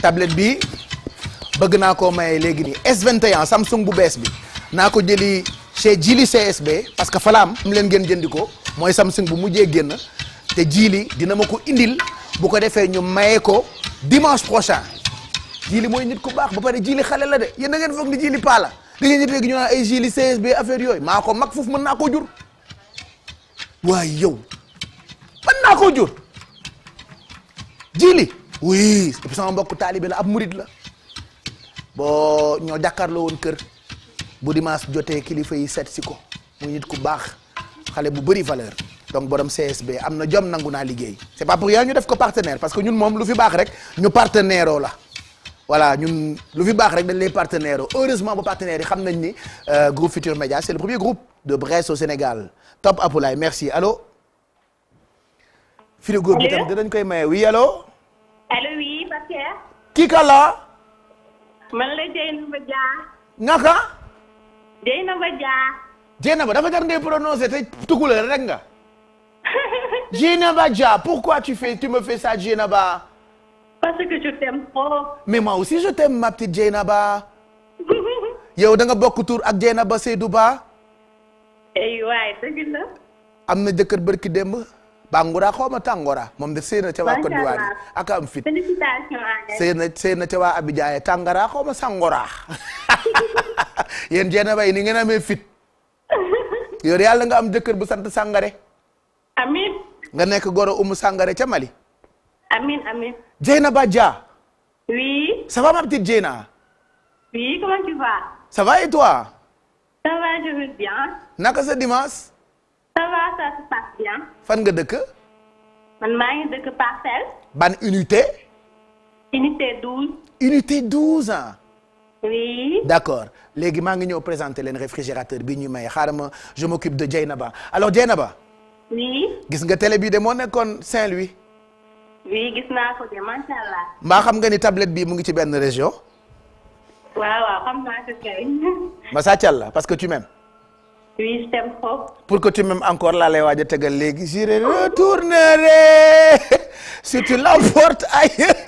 Speaker 1: tablette bi bëgg naa koo maye léegi nii S21 Samsung bu bees bi naa ko jëli. chez Jili CSB parce que falaam am leen ngeen jëndi ko mooy Samsung bu mujjee génn te Jili dina ma ko indil bu ko defee ñu maye ko dimanche prochain Jili mooy nit ko baax ba pare Jili xale la de yéen ngeen foog ni Jili paa la da ngeen di dégg ñu naan ay Jili CSB affaire yooyu maa ko mag foofu mën naa koo jur waaye yow mën naa koo jur Jili oui sama mbokk taalibe la ab murit la boo ñoo jàkkaarloo woon kër. bu dimanche jotee kilifa yi seet si ko muy nit ku baax xale bu bëri valeur donc borom CSB am na jom nangu naa liggéey c'est pas pour rien ñu def ko partenaire parce que ñun moom lu fi baax rek ñu partenaire oo la voilà ñun lu fi baax rek dañ lay partenaire oo heureusement ba partenaires yi xam nañ ni euh, groupe Futur Média c'est le premier groupe de presse au Sénégal Top Apulaay merci allo frigo bi tam danañ koy maye oui allo kii ka la Dieynaba Dia. Dieynaba dafa jar ngay te tukulóor rek nga. Dieynaba Dia pourquoi tu fais me fais ça Dieynaba. parce que je t'aime trop. mais aussi je t'aime ma petite Dieynaba. yow da nga bokk tur ak Dieynaba Seydou Ba.
Speaker 2: eh waay dëgg la.
Speaker 1: am na jëkkër barki démb. Bangoura xaw ma Tangora moom de sëy na ca waa Côte d'Ivoire am fit sëy na sëy na ca waa Abidjan Tangara xaw ma Sangora yéen jéena bay ni ngeen amee fit yow yàlla nga am jëkkër bu sant Sangare. nga nekk goro umu Sangare ca Mali.
Speaker 2: amin amin
Speaker 1: Dieynaba Dia. ma petite Dieyna.
Speaker 2: oui comment tu vas. ça va et ça va ça se bien. fan nga dëkk. man maa ngi dëkk Parcelles.
Speaker 1: ban unité. unité 12. unité 12 ans. Ah. oui. d'accord léegi maa ngi ñëw présenter leen réfrigérateur bi ñu may xaaral ma je m'occupe de Dieynaba alors Dieynaba. oui. gis nga télé bi de moo nekkoon Saint-Louis.
Speaker 2: oui gis naa ko de macha allah.
Speaker 1: mbaa xam nga ni tablet bi mu ngi ci benn région.
Speaker 2: waaw waaw xam naa ko kay.
Speaker 1: ma sàccal la parce que tu m'aimes.
Speaker 2: Oui, j'aime trop.
Speaker 1: Pour que tu encore laa lay waaj a tegal léegi je retournerai si tu l'emportes ailleurs.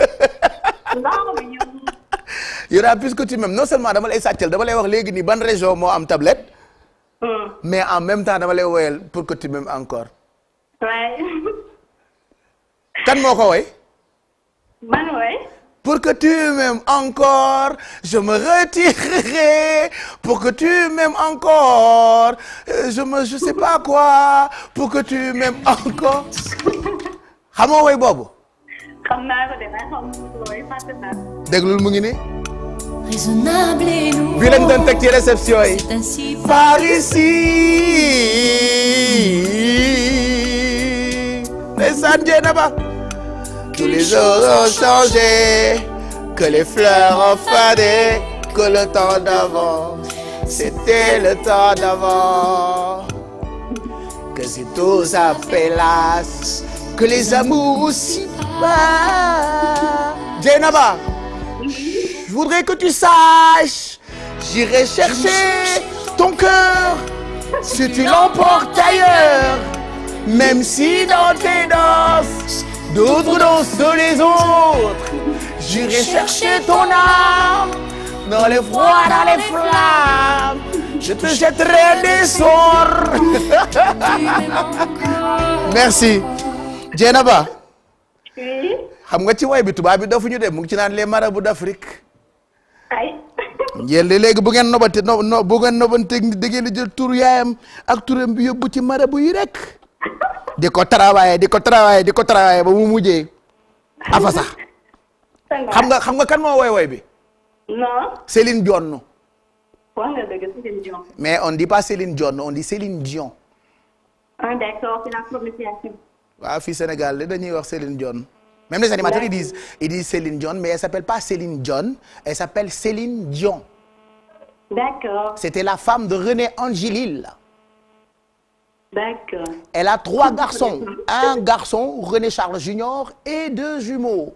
Speaker 2: non mais
Speaker 1: yow. y non seulement dama lay sàccal dama lay wax léegi nii ban région moo am tablette. Hmm. mais en même temps dama lay woyal pour que encore. waay. kan moo ko woy. pour que tu m'aimes encore je me retirerai pour que tu m'aimes encore je sais pas quoi pour que tu m'aimes encore xamoo way boobu. xam naa ko ni.
Speaker 2: raisonnable et nous. bii lañ doon teg
Speaker 1: ci réception yi. ba.
Speaker 2: Tous les jours ont
Speaker 1: changé, que les fleurs ont fané, que le temps d'avant, c'était le temps d'avant. Que c'est tous à pélasse, que les amours aussi bas. Jenaba, je voudrais que tu saches, j'irai chercher ton cœur si tu l'emportes ailleurs, même si dans tes danses. d'autres dansent les autres. J'irai chercher ton âme dans le xam nga ci way bi tubaab bi dafu ñu de mu ci naan les marabouts d'Afrique. ay. yéen léegi bu ngeen nobante no no bu ngeen nobante da ngeen jël tur yaayam ak turam bi yóbbu ci marabu bu rek. di ko travailler di ko travailler di ko travailler ba mu mujjee afa sax xam nga xam nga kan moo woy woy bi non Céline Dion mais on di pas Céline Dion on dit Céline Dion
Speaker 2: ah d'accord c'est la prononciation
Speaker 1: waaw fii Sénégal dañuy wax Céline Dion même les animateurs ils disent ils disent Céline Dion mais elle s'appelle pas Céline Dion elle s'appelle Céline Dion d'accord c'était la femme de René Angélil D'accord. Elle a trois garçons, un garçon, René Charles Junior, et deux jumeaux.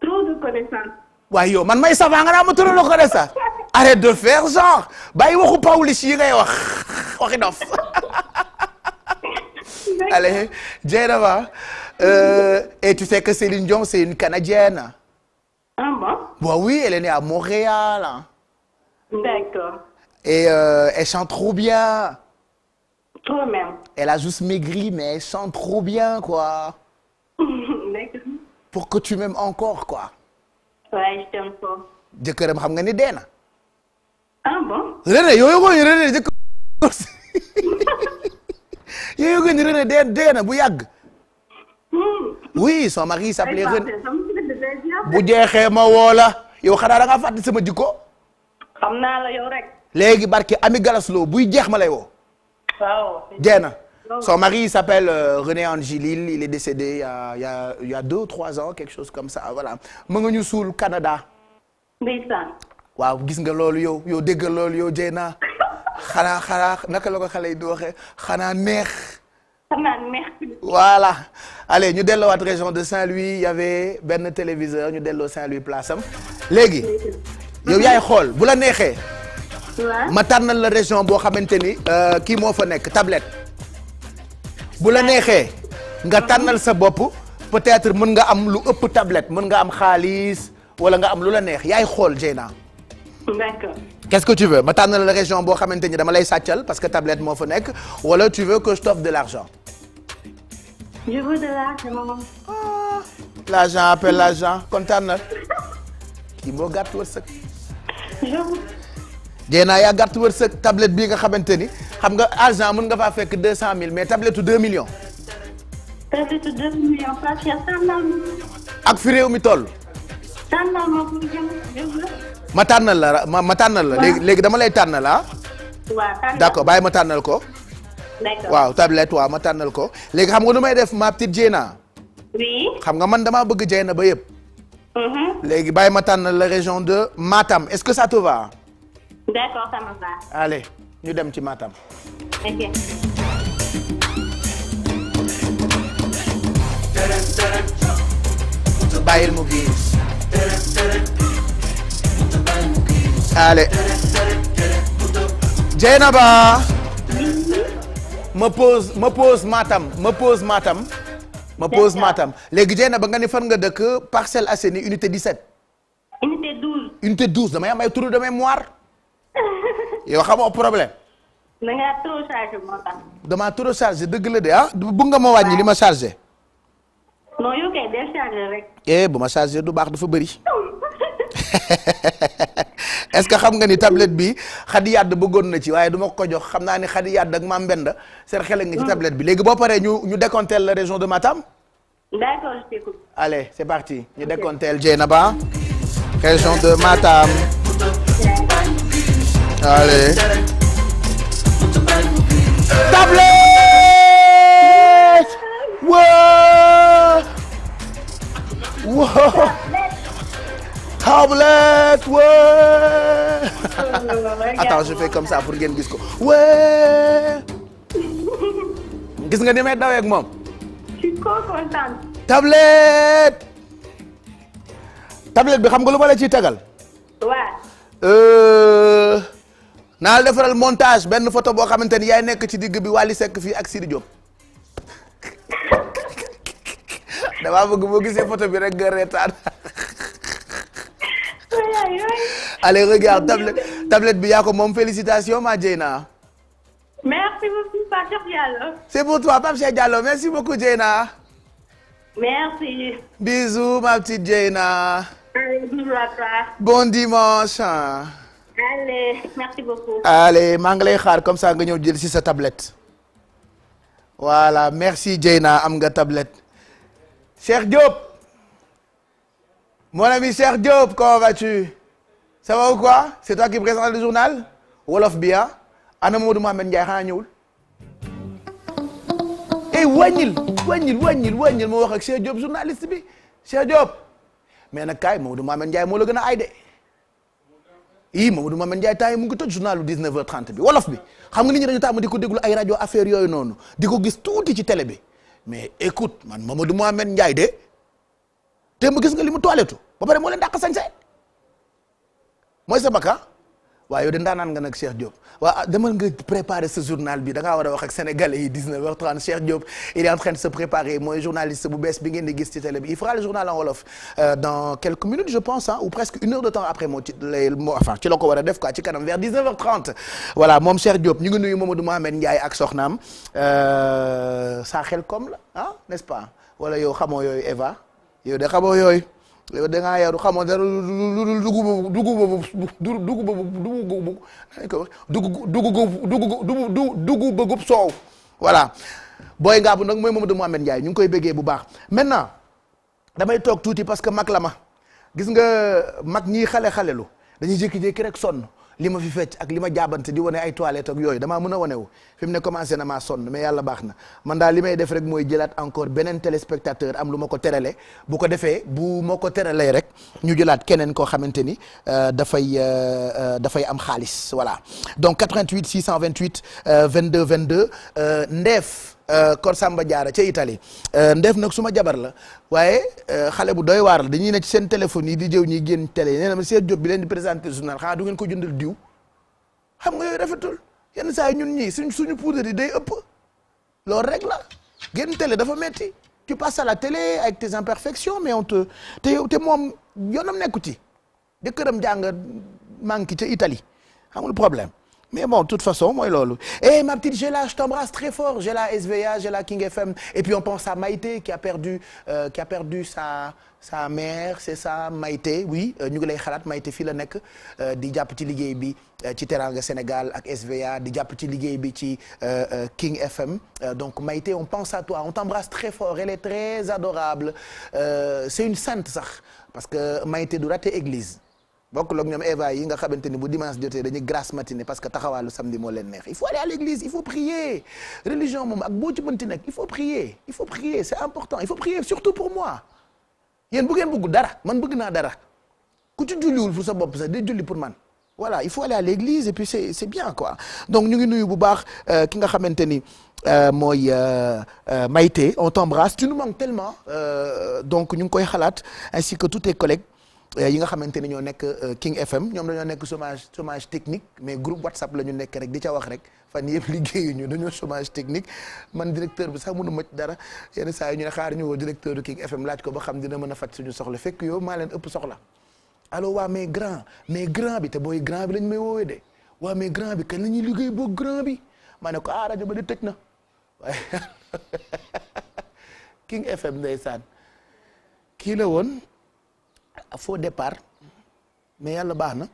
Speaker 1: Trop de connaissances. waaye yow man ma tëral ko de sax arrête de faire genre bàyyi waxu Pawlish yi ngay wax waxi allez Dieynaba euh, et tu sais que c'est une Canadienne. Ah bon. oui elle est à Montréal. et euh, elle chante trop bien. Trop même. Elle a juste maigri, mais elle chante trop bien, quoi. Pour que tu m'aimes encore, quoi. Ouais, je t'aime xam nga ni dee na. ah yo René yooyu jëkkër. yooyu ko ni René dee na bu yàgg. Hmm. oui son mari s'appelait René. bu jeexee ma woo la yow xanaa da ngaa fàtte sama jikko. xam léegi barke Ami Galaslo buy jeex ma lay woo. Diène son mari il s'appelle euh, René Angélil il est décédé il y a il y a, il ou trois ans quelque chose comme ça voilà mu nga ñu suul Canada. waaw gis nga loolu yow yow dégg loolu yow Dieyna xanaa xanaa naka la ko xale yi di waxee xanaa neex. xanaa neex. ñu delluwaat région de Saint-Louis il y avait benn téléviseur ñu delloo Saint-Louis place am léegi. yow yaay xool bu la neexee. ma tànnal la région boo xamante ni euh, kii moo fa nekk tablet bu la neexee nga tànnal sa bopp peut-être mën nga am lu ëpp tablet mën nga am xaalis wala nga am lu la neex yaay xool Dieyna d'accord qu'est-ce que tu veux ma tànnal la région boo xamante ni dama lay sàccal parce que tablette moo fa nekk wala tu veux que je de l'argent
Speaker 2: je veux de l'argent maman. Ah,
Speaker 1: l'argent appelle l'argent kontaan na kii moo gàtt wërsëg. jéenaa yaa gàtt wërsëg tablette bi nga xamante ni xam nga argent mën nga faa fekk deux cent mille mais tablette u deux millions. ak fi réew mi toll. ma tànnal la ma ma tànnal la. léegi léegi dama lay tànnal ah.
Speaker 2: waaw d'accord bàyyi ma tànnal ko. waaw
Speaker 1: tablet waa ma tànnal ko léegi xam nga nu may def ma petite Dieyna. xam nga man damaa bëgg na ba yëpp. Mm-hmm. léegi bàyyi ma tànnal la région de Matam est-ce que ça te va. d'accord ça me ñu dem ci Matam. ok. bàyyil mu gis. allez. ma pose ma pose Matam ma pose Matam. ma pose Matam léegi Jeynaba nga ni fan nga dëkk Parcelles Assainies unité 17. unité set unité 12 dama am ay trou de mémoire. yow xamoo problème. mais damaa trop chargé dëgg la de ah bu nga ma wàññi li ma chargé. non yow kay eh, bu ma chargé du baax dafa bëri. est-ce que xam nga ni tablette bi xadi yàdd bëggoon na ci waaye duma ma ko jox xam naa ni xadi yàdd ak maam Mbenda seen xel nga ci tablette bi léegi boo paree ñu ñu décompteel la région de Matam.
Speaker 2: d'accord je t'écoute.
Speaker 1: allez c'est parti ñu décompteel Dieynaba région de Matam. Allez. Tablette Ouais wow. Tablette Ouais Attends, pour ngeen gis ko. Ouais Gis nga ni may dawee ak moom. Je bi xam nga lu ma la ciy tegal. Euh, naa la defaral montage benn photo boo xamante ni yaay nekk ci digg bi Wally Seck fii ak Sidi Diop damaa bëgg boo gisee photo bi rek nga reetaan allez regarde tablette tablette bi yaa ko moom félicitations ma Dieyna.
Speaker 2: merci beaucoup Pape Cheikh Diallo.
Speaker 1: c'est pour toi Pape Cheikh Diallo merci beaucoup Dieyna.
Speaker 2: merci.
Speaker 1: bisous ma petite Dieyna. Bon dimanche. allez maa ngi lay xaar comme sa nga ñëw jël ci sa tablette. voilà merci Dieyna am nga tablet Cheikh Diop. mon ami Cheikh Diop comment vas-tu. ça va ou quoi c'est toi qui présente le journal. wolof bi ah. ana Modou Mohamed Ndiaye xanaa ñëwul. eh wàññil wàññil wàññil wàññil moo wax ak Cheikh bi Cheikh Diop. mais nag kaay Modou Mohamed Ndiaye moo la gën a ay de. ii Mamadou Mame Ndiaye temps yi mu ngi toj journalu 19h30 bi wolof bi xam nga nit ñi dañu tàmm di ko déglu ay rajo affaire yooyu noonu di ko gis tuuti ci tele bi mais écoute man Mamadou Mame Ndiaye de te mu gis nga li mu toiletu ba pare moo leen dàq sañse mooy sa waaye yow de naan nga nag Cheikh Diop waaw ah, demal nga préparer ce journal bi da ngaa war a wax ak sénégalais yi 19h30 Cheikh Diop il est se préparer mooy journaliste bu bees bi ngeen di gis ci télé bi il fera le journal en wolof euh, dans quelques minutes je pense ah ou presque une heure de temps après moo ci lay moo enfin ci la ko war a def quoi ci kanam vers 19h30 voilà moom Cheikh Diop ñu ngi nuyu Mamadou Mohamed Ndiaye ak soxnaam euh, saa xel comme la ah n'est-ce pas wala yow xamoo yooyu Eva yow de yooyu. da ngaa yaru xamoo dara dugub dugub dugub dugub dugub dugub dugub bëggub soow voilà booy ngaa bu nag mooy Mamadou Mouhamed Ndiaye ñu ngi koy bëggee bu baax maintenant damay toog tuuti parce que mag la ma gis nga mag ñii xale xalelu dañuy jékki-jékki rek sonn li ma fi fecc ak li ma jaabante di wane ay toilettes ak yooyu damaa mën a wane wu fi mu ne commencé na maa sonn mais yàlla baax na man daal li may def rek mooy jëlaat encore beneen téléspectateur am lu ma ko terale bu ko defee bu ma ko teralee rek ñu jëlaat keneen koo xamante ni euh, dafay euh, euh, dafay am xaalis voilà donc 88 deux vingt 22 ndeef Euh, Kor Samba Diarra ca Italie euh, ndef nag suma jabar la waaye euh, xale bu doy waar la dañuy ne ci seen téléphone yi di jëw ñuy génn télé nee na ma Cheikh Diop bi leen di présenté journal xanaa du ngeen ko jëndal diw xam nga yooyu rafetul yenn saa ñun ñi suñ suñu poudre yi day ëpp loolu rek la génn télé dafa metti tu passes à la télé avec tes imperfections mais on te te yow te moom yoonam nekku ci jëkkëram jàng manqué ca Italie xamul problème mais bon de toute façon mooy loolu et eh, ma petite Géla je t'embrasse très fort Géla SVA Géla King FM et puis on pense à Maïté qui a perdu euh, sa mère c'est ça maite oui euh, ñu ngi lay xalaat Maïté fii la nekk euh, euh, di jàpp ci liggéey bi ci Teranga Sénégal ak SVA di jàpp ci liggéey bi ci King FM donc Maïté on pense à toi on t'embrasse très fort elle est très adorable euh, c'est une sainte sax parce que Maïté du raté église bokk ak ñoom Eva yi nga xamante ni bu dimanche jotee dañuy grasse matinée parce que taxawaalu samedi moo leen neex il faut aller à l'église il faut prier religion moom ak boo ci mënti nekk il faut prier il faut prier c'est important il faut prier surtout pour moi yéen bu ngeen bëgg dara man bëgg naa dara ku ci julliwul fu sa bopp sax di julli pour man voilà il faut aller à l'église et puis c'est bien quoi donc ñu ngi nuyu bu baax euh, ki nga xamante ni euh, mooy euh, Maïté on t'embrasse tu nous manques tellement donc ñu ngi koy xalaat ainsi que tous tes Euh, yi nga xamante ni ñoo nekk euh, King FM ñoom dañoo nekk chômage chômage technique mais groupe WhatsApp la ñu nekk rek di ca wax rek fan yëpp liggéeyuñu dañoo chômage technique man directeur bi sax mënu ma dara yenn saa yi ñu ne xaar ñu woo directeur du King FM laaj ko ba xam dina mën a faj suñu soxla fekk yow maa leen ëpp soxla allo waa mais grand mais grand bi te booy grand bi lañ may woowee de waa mais grand bi kan la ñuy liggéey boo grand bi maa ne ko ah rajo ba de tëj na waaye King FM ndeysaan kii la woon. faux départ mais yàlla baax na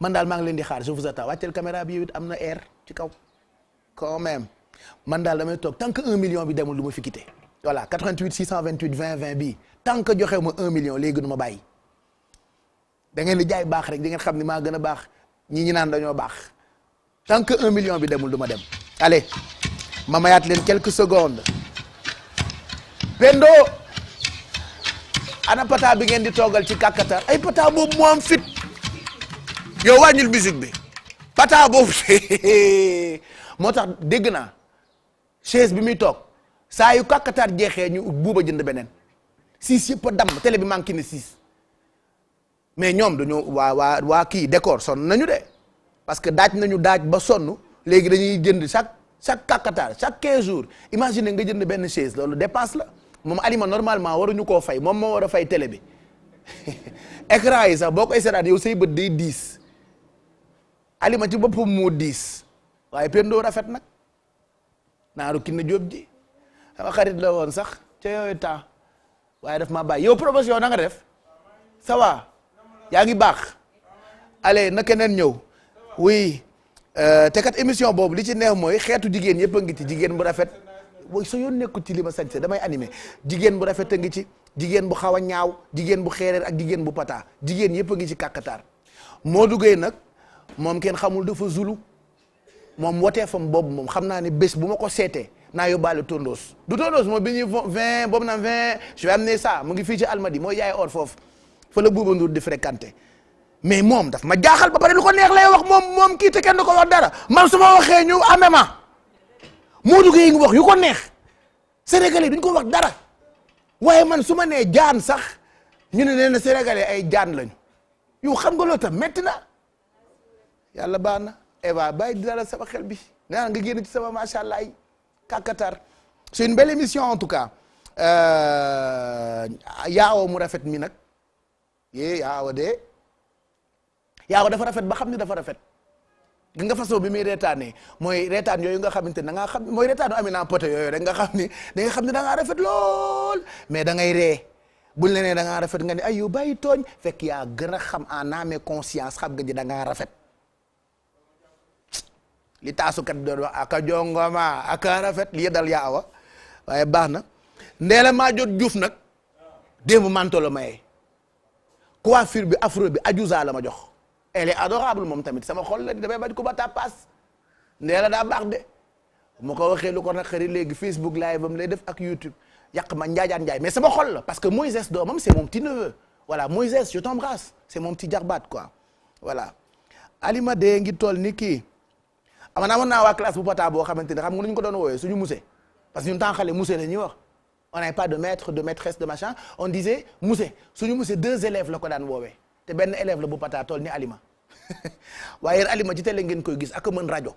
Speaker 1: man daal maa ngi leen di xaar je vous attends wàcceel caméra bi yow it am na air ci kaw quand même man daal damay toog tant que un million bi demul du ma fi quitté voilà 88 628 20 20 bii tant que joxew ma un million léegi du ma bàyyi da ngeen di jaay baax rek di ngeen xam ni maa gën a baax ñi ñi naan dañoo baax tan que un million bi demul du dem allez ma mayaat leen quelques secondes Pendo ana pata bi ngeen di toogal ci kàkkatar ay pata boobu moo am fit yow wàññil musique bi pata boobu moo tax dégg naa chaise bi muy toog saa yu kàkkatar jeexee ñu buuba jënd beneen siis yëpp a damm télé bi manqué ne siis mais ñoom dañoo waa waa waa kii décor sonn nañu de parce que daaj nañu daaj ba sonn léegi dañuy jënd chaque chaque kàkkatar chaque quinze jours imagine nga jënd benn chaise loolu dépense la moom aliment normalement waruñu koo fay moom moo war a fay télé bi écran sax boo koy seetaan yow say bët day diis Alima ci boppam moo diis waaye Pendo rafet nag naaru Kiné Diop ji sama la woon sax temps waaye daf ma bàyyi yow promotion na def ça va yaa ngi baax allez na keneen ñëw oui euh, te kat émission boobu li ci neex mooy xeetu jigéen yëpp ngi ci jigéen bu rafet. sa yoon nekkul ci li ma sañse damay animé jigéen bu rafet a ngi ci jigéen bu xaw a ñaaw jigéen bu xeereer ak jigéen bu pataa jigéen yëpp a ngi ci kàkataar moo duggee nag moom kenn xamul dafa zulu moom woteefam boobu moom xam naa ne bés bu ma ko seetee naa yóbbaale tondoos du tondoos moom bi vingt boobu naan vingt je mu ngi fii ci almadi mooy yaay or foofu fa la Bouba Ndour di fréquenté mais moom daf ma jaaxal ba pare lu ko neex lay wax moom moom kii te kenn du ko wax dara man su ma waxee ñu amee ma Modou Gueye ngi wax yi ko neex sénégalais duñ ko wax dara waaye man su ma nee jaan sax ñu ne nee na sénégalais ay jaan lañu yu xam nga loolu tam métti na yàlla baax na Eva bàyyi di dara sama xel bi naan nga génn ci sama macha allah ay kàkkatar c'est une belle émission en tout euh, mu rafet mi nag yee yaawa de yaawa dafa rafet ba xam ni dafa rafet. gi nga façon bi muy reetaanee mooy reetaan yooyu nga xamante ne da ngaa xam mooy reetaanu Amina Poté yooyu rek nga xam ni da nga xam ne da ngaa rafet lool mais da ngay ree buñ la nee da rafet nga ne ay yu bàyyi tooñ fekk yaa gën a xam en âme conscience xam nga ji da ngaa rafet li taasukat doon wax aka jongoma aka rafet li dal yaa awa waaye baax na ndeela maa jot juuf nag démb manto la maye fir bi afro bi ajuza la ma jox elle est adorable moom tamit sama xol la damay bañ ku ba tàppaas ndee la daa baax de mu ko waxee lu ko nag xëri léegi Facebook live am lay def ak YouTube yàq ma njaajaan njaay mais sama xol la parce que Moïse doomam c'est mon petit neveu voilà Moïse je t'embrasse c'est mon petit jarbaat quoi voilà alima de ngi toll ni kii amana amoon naa waa classe bu pata boo xamante ne xam nga nu ñu ko doon wooyee suñu musée parce que ñun temps xale musée la ñuy wax on n'avait pas de maître de maîtresse de machin on disait musée suñu musée la ko daan woowee te benn élève la bu pata tool ni alima waaye alima ci télé ngeen koy gis ak mën rajo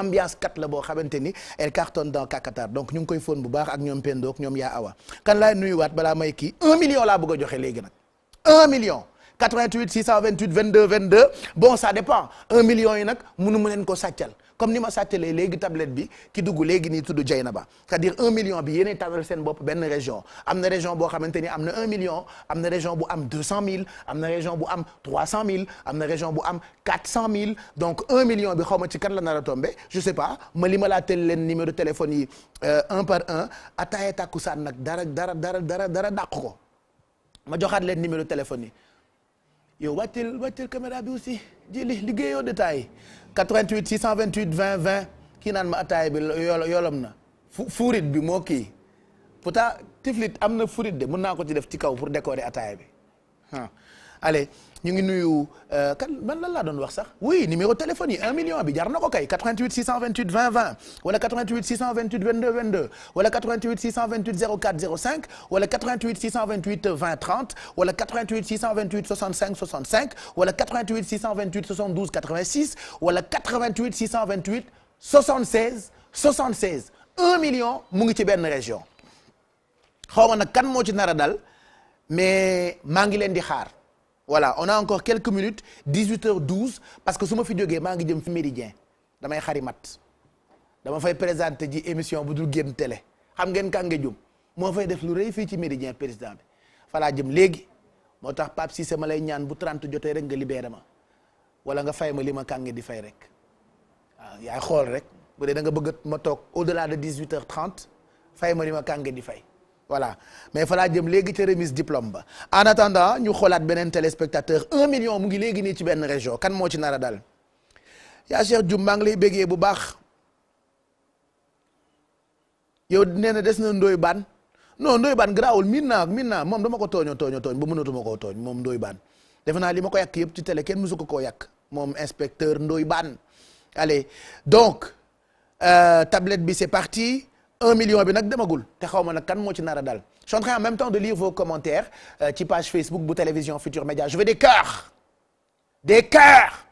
Speaker 1: ambiance kat la boo xamante ni elle cartonne dans Kakatar donc ñu ngi koy fóon bu baax ak ñoom Pendo ak ñoom yaa awa kan laay nuyuwaat balaa may kii un million laa bëgg a joxe léegi nag un million 88 628 22 22 bon ça dépend un million yi nag munu mu leen ko sàccal comme ni ma sàccalee léegi tablette bi ki dugg léegi nii tudd na c'est-à-dire un million bi yéenay tànnal seen bopp benn région am na région boo xamante ni am na un million am na région bu am deux cent mille am na région bu am trois cent mille am na région bu am quatre cent mille donc un million bi xaw ma ci kan la nar a tombé je sais pas ma li ma laa tel leen numéro téléphone en euh, par un ataaya takkusaan nag dara dara dara dara dara dàq ko ma joxaat leen numéro téléphone yi yo wàccil wàccil caméra bi aussi jili vingt 628 20 20 kii naan ma ataaya bi yolo yolam na fu bi moo kii pourtant tiflit am na fuurit de mën naa ko ci def ci kaw pour décorer ataaya bi ah allez ñu ngi nuyu euh, kan man lan laa doon wax sax oui numéro téléphone yi 1 million bi jar na ko kay 88 628 20 20 wala 88 628 22 22 wala 88 628 04 05 wala 88 628 20 30 wala 88 628 65 65 wala 88 628 72 86 wala 88 628 76 76 1 million mu ngi ci benn région xaw ma nag kan moo ci nar a dal mais maa ngi leen di xaar. voilà on a encore quelques minute 18h12 parce que su ma fi jógee maa ngi jëm fi méridien damay mat dama fay présenter ji émission bu dul génn télé xam ngeen kànga jum moo fay def lu rëy fii ci méridien président bi falaa jëm léegi moo tax Pape Cissé ma lay ñaan bu 30 jotee rek nga libéré ma wala nga fay ma li ma kànge di fay rek waaw ah, yaay xool rek bu dee da nga bëgg ma toog au delà de 18h30 fay ma li ma kànge di fay voilà mais fa jëm léegi ca remise diplôme ba en attendant ñu xoolaat beneen téléspectateur un million mu ngi léegi nii ci benn région kan moo ci nara dal yaa Cheikh Diouf lay béggee bu baax yow nee na des na ndoy baan non ndoy baan garaawul miin naa miin naa moom dama ko tooñoo tooñoo tooñ ba mënatuma koo tooñ moom ndoy baan def naa li ma ko yàq yëpp ci télé kenn mësu ko koo yàq moom inspecteur ndoy baan allez donc euh, bi c'est parti un million bi nag demagul te xaw ma nag kan moo ci nar a dal je suis en train en même temps de lire vos commentaires euh, ci page Facebook bu télévision Futur Média je veux des cœurs des cœurs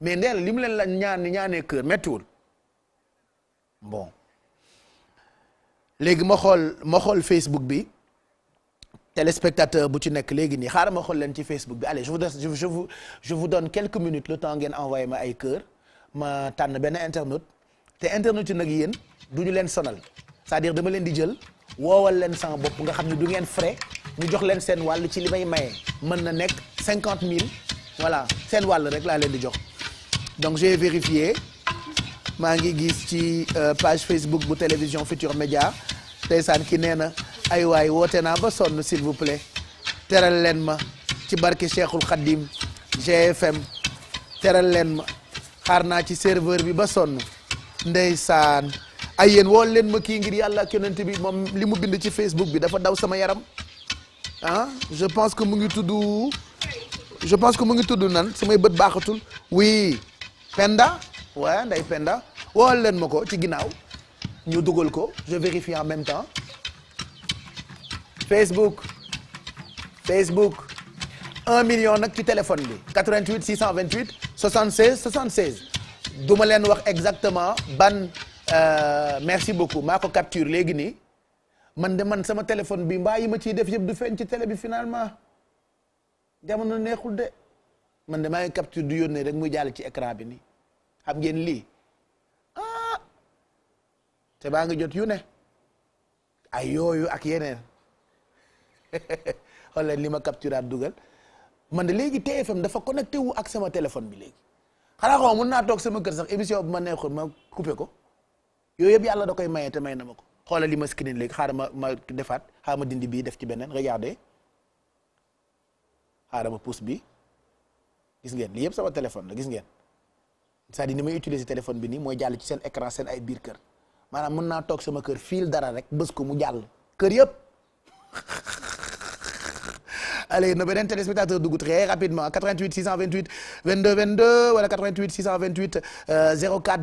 Speaker 1: mais ndeel li mu leen la ñaan ñaanee cœur méttiwul bon léegi ma xool ma xool Facebook bi téléspectateur bu ci nekk léegi nii xaaral ma xool leen ci Facebook bi allez je vous donne je vous je vous donne quelques minutes le temps ngeen envoyé ma ay cœur ma tànn benn internaute te internaute yi nag yéen. du ñu leen sonal c'est-à-dire dama leen di jël woowal leen sama bopp nga xam ne du ngeen frais ñu jox leen seen wàll ci li may maye mën na nekk cinquante mille voilà seen wàll rek laa leen di jox donc j'ai vérifié maa ngi gis ci euh, page Facebook bu télévision Futur Média ndeysaan ki nee na ay waay woote naa ba sonn s'il vous teral leen ma ci barke Cheikhul Khadim GFM teral leen ma xaar naa ci serveur bi ba sonn ndeysaan ay yéen woo leen ma kii ngir yàlla ak yonent bi moom li mu bind ci Facebook bi dafa daw sama yaram ah je pense que mu ngi tudd je pense que mu ngi tudd nan samay bët baaxatul wi Penda waaw nday Penda woo leen ma ko ci ginnaaw ñu dugal ko je vérifie en même temps Facebook Facebook 1 million nag ci téléphone bi 88 628 76 76 du ma leen wax exactement ban. Euh, merci beaucoup maa ko capture léegi nii man de man sama téléphone bi mbaa yi ma ciy def yëpp du feeñ ci télé bi finalement jamono neexul de man de maa ngi capture du yónnee rek muy jàll ci écran bi nii ngeen lii ah! te baa ngi jot yu ne ay yooyu ak yeneen xool leen li ma capture at man de léegi TFM dafa connecté wu ak sama téléphone bi léegi xanaa xaw mun naa toog sama kër sax émission bu ma neexoon ma coupé ko. yooyu yëpp yàlla da koy maye te may na ma ko xoolal li ma screen léegi xaaral ma ma defaat xaaral ma dindi bii def ci beneen regardez xaaral ma pouce bi gis ngeen lii yëpp sama téléphone la gis ngeen c'est-à-dire ni may utiliser téléphone bi nii mooy jàll ci seen écran seen ay biir kër maanaam mën naa toog sama kër fiil dara rek bës ko mu jàll kër yëpp allez na beneen téléspectateur dugg très rapidement 88 628 22 22 wala 88 628 04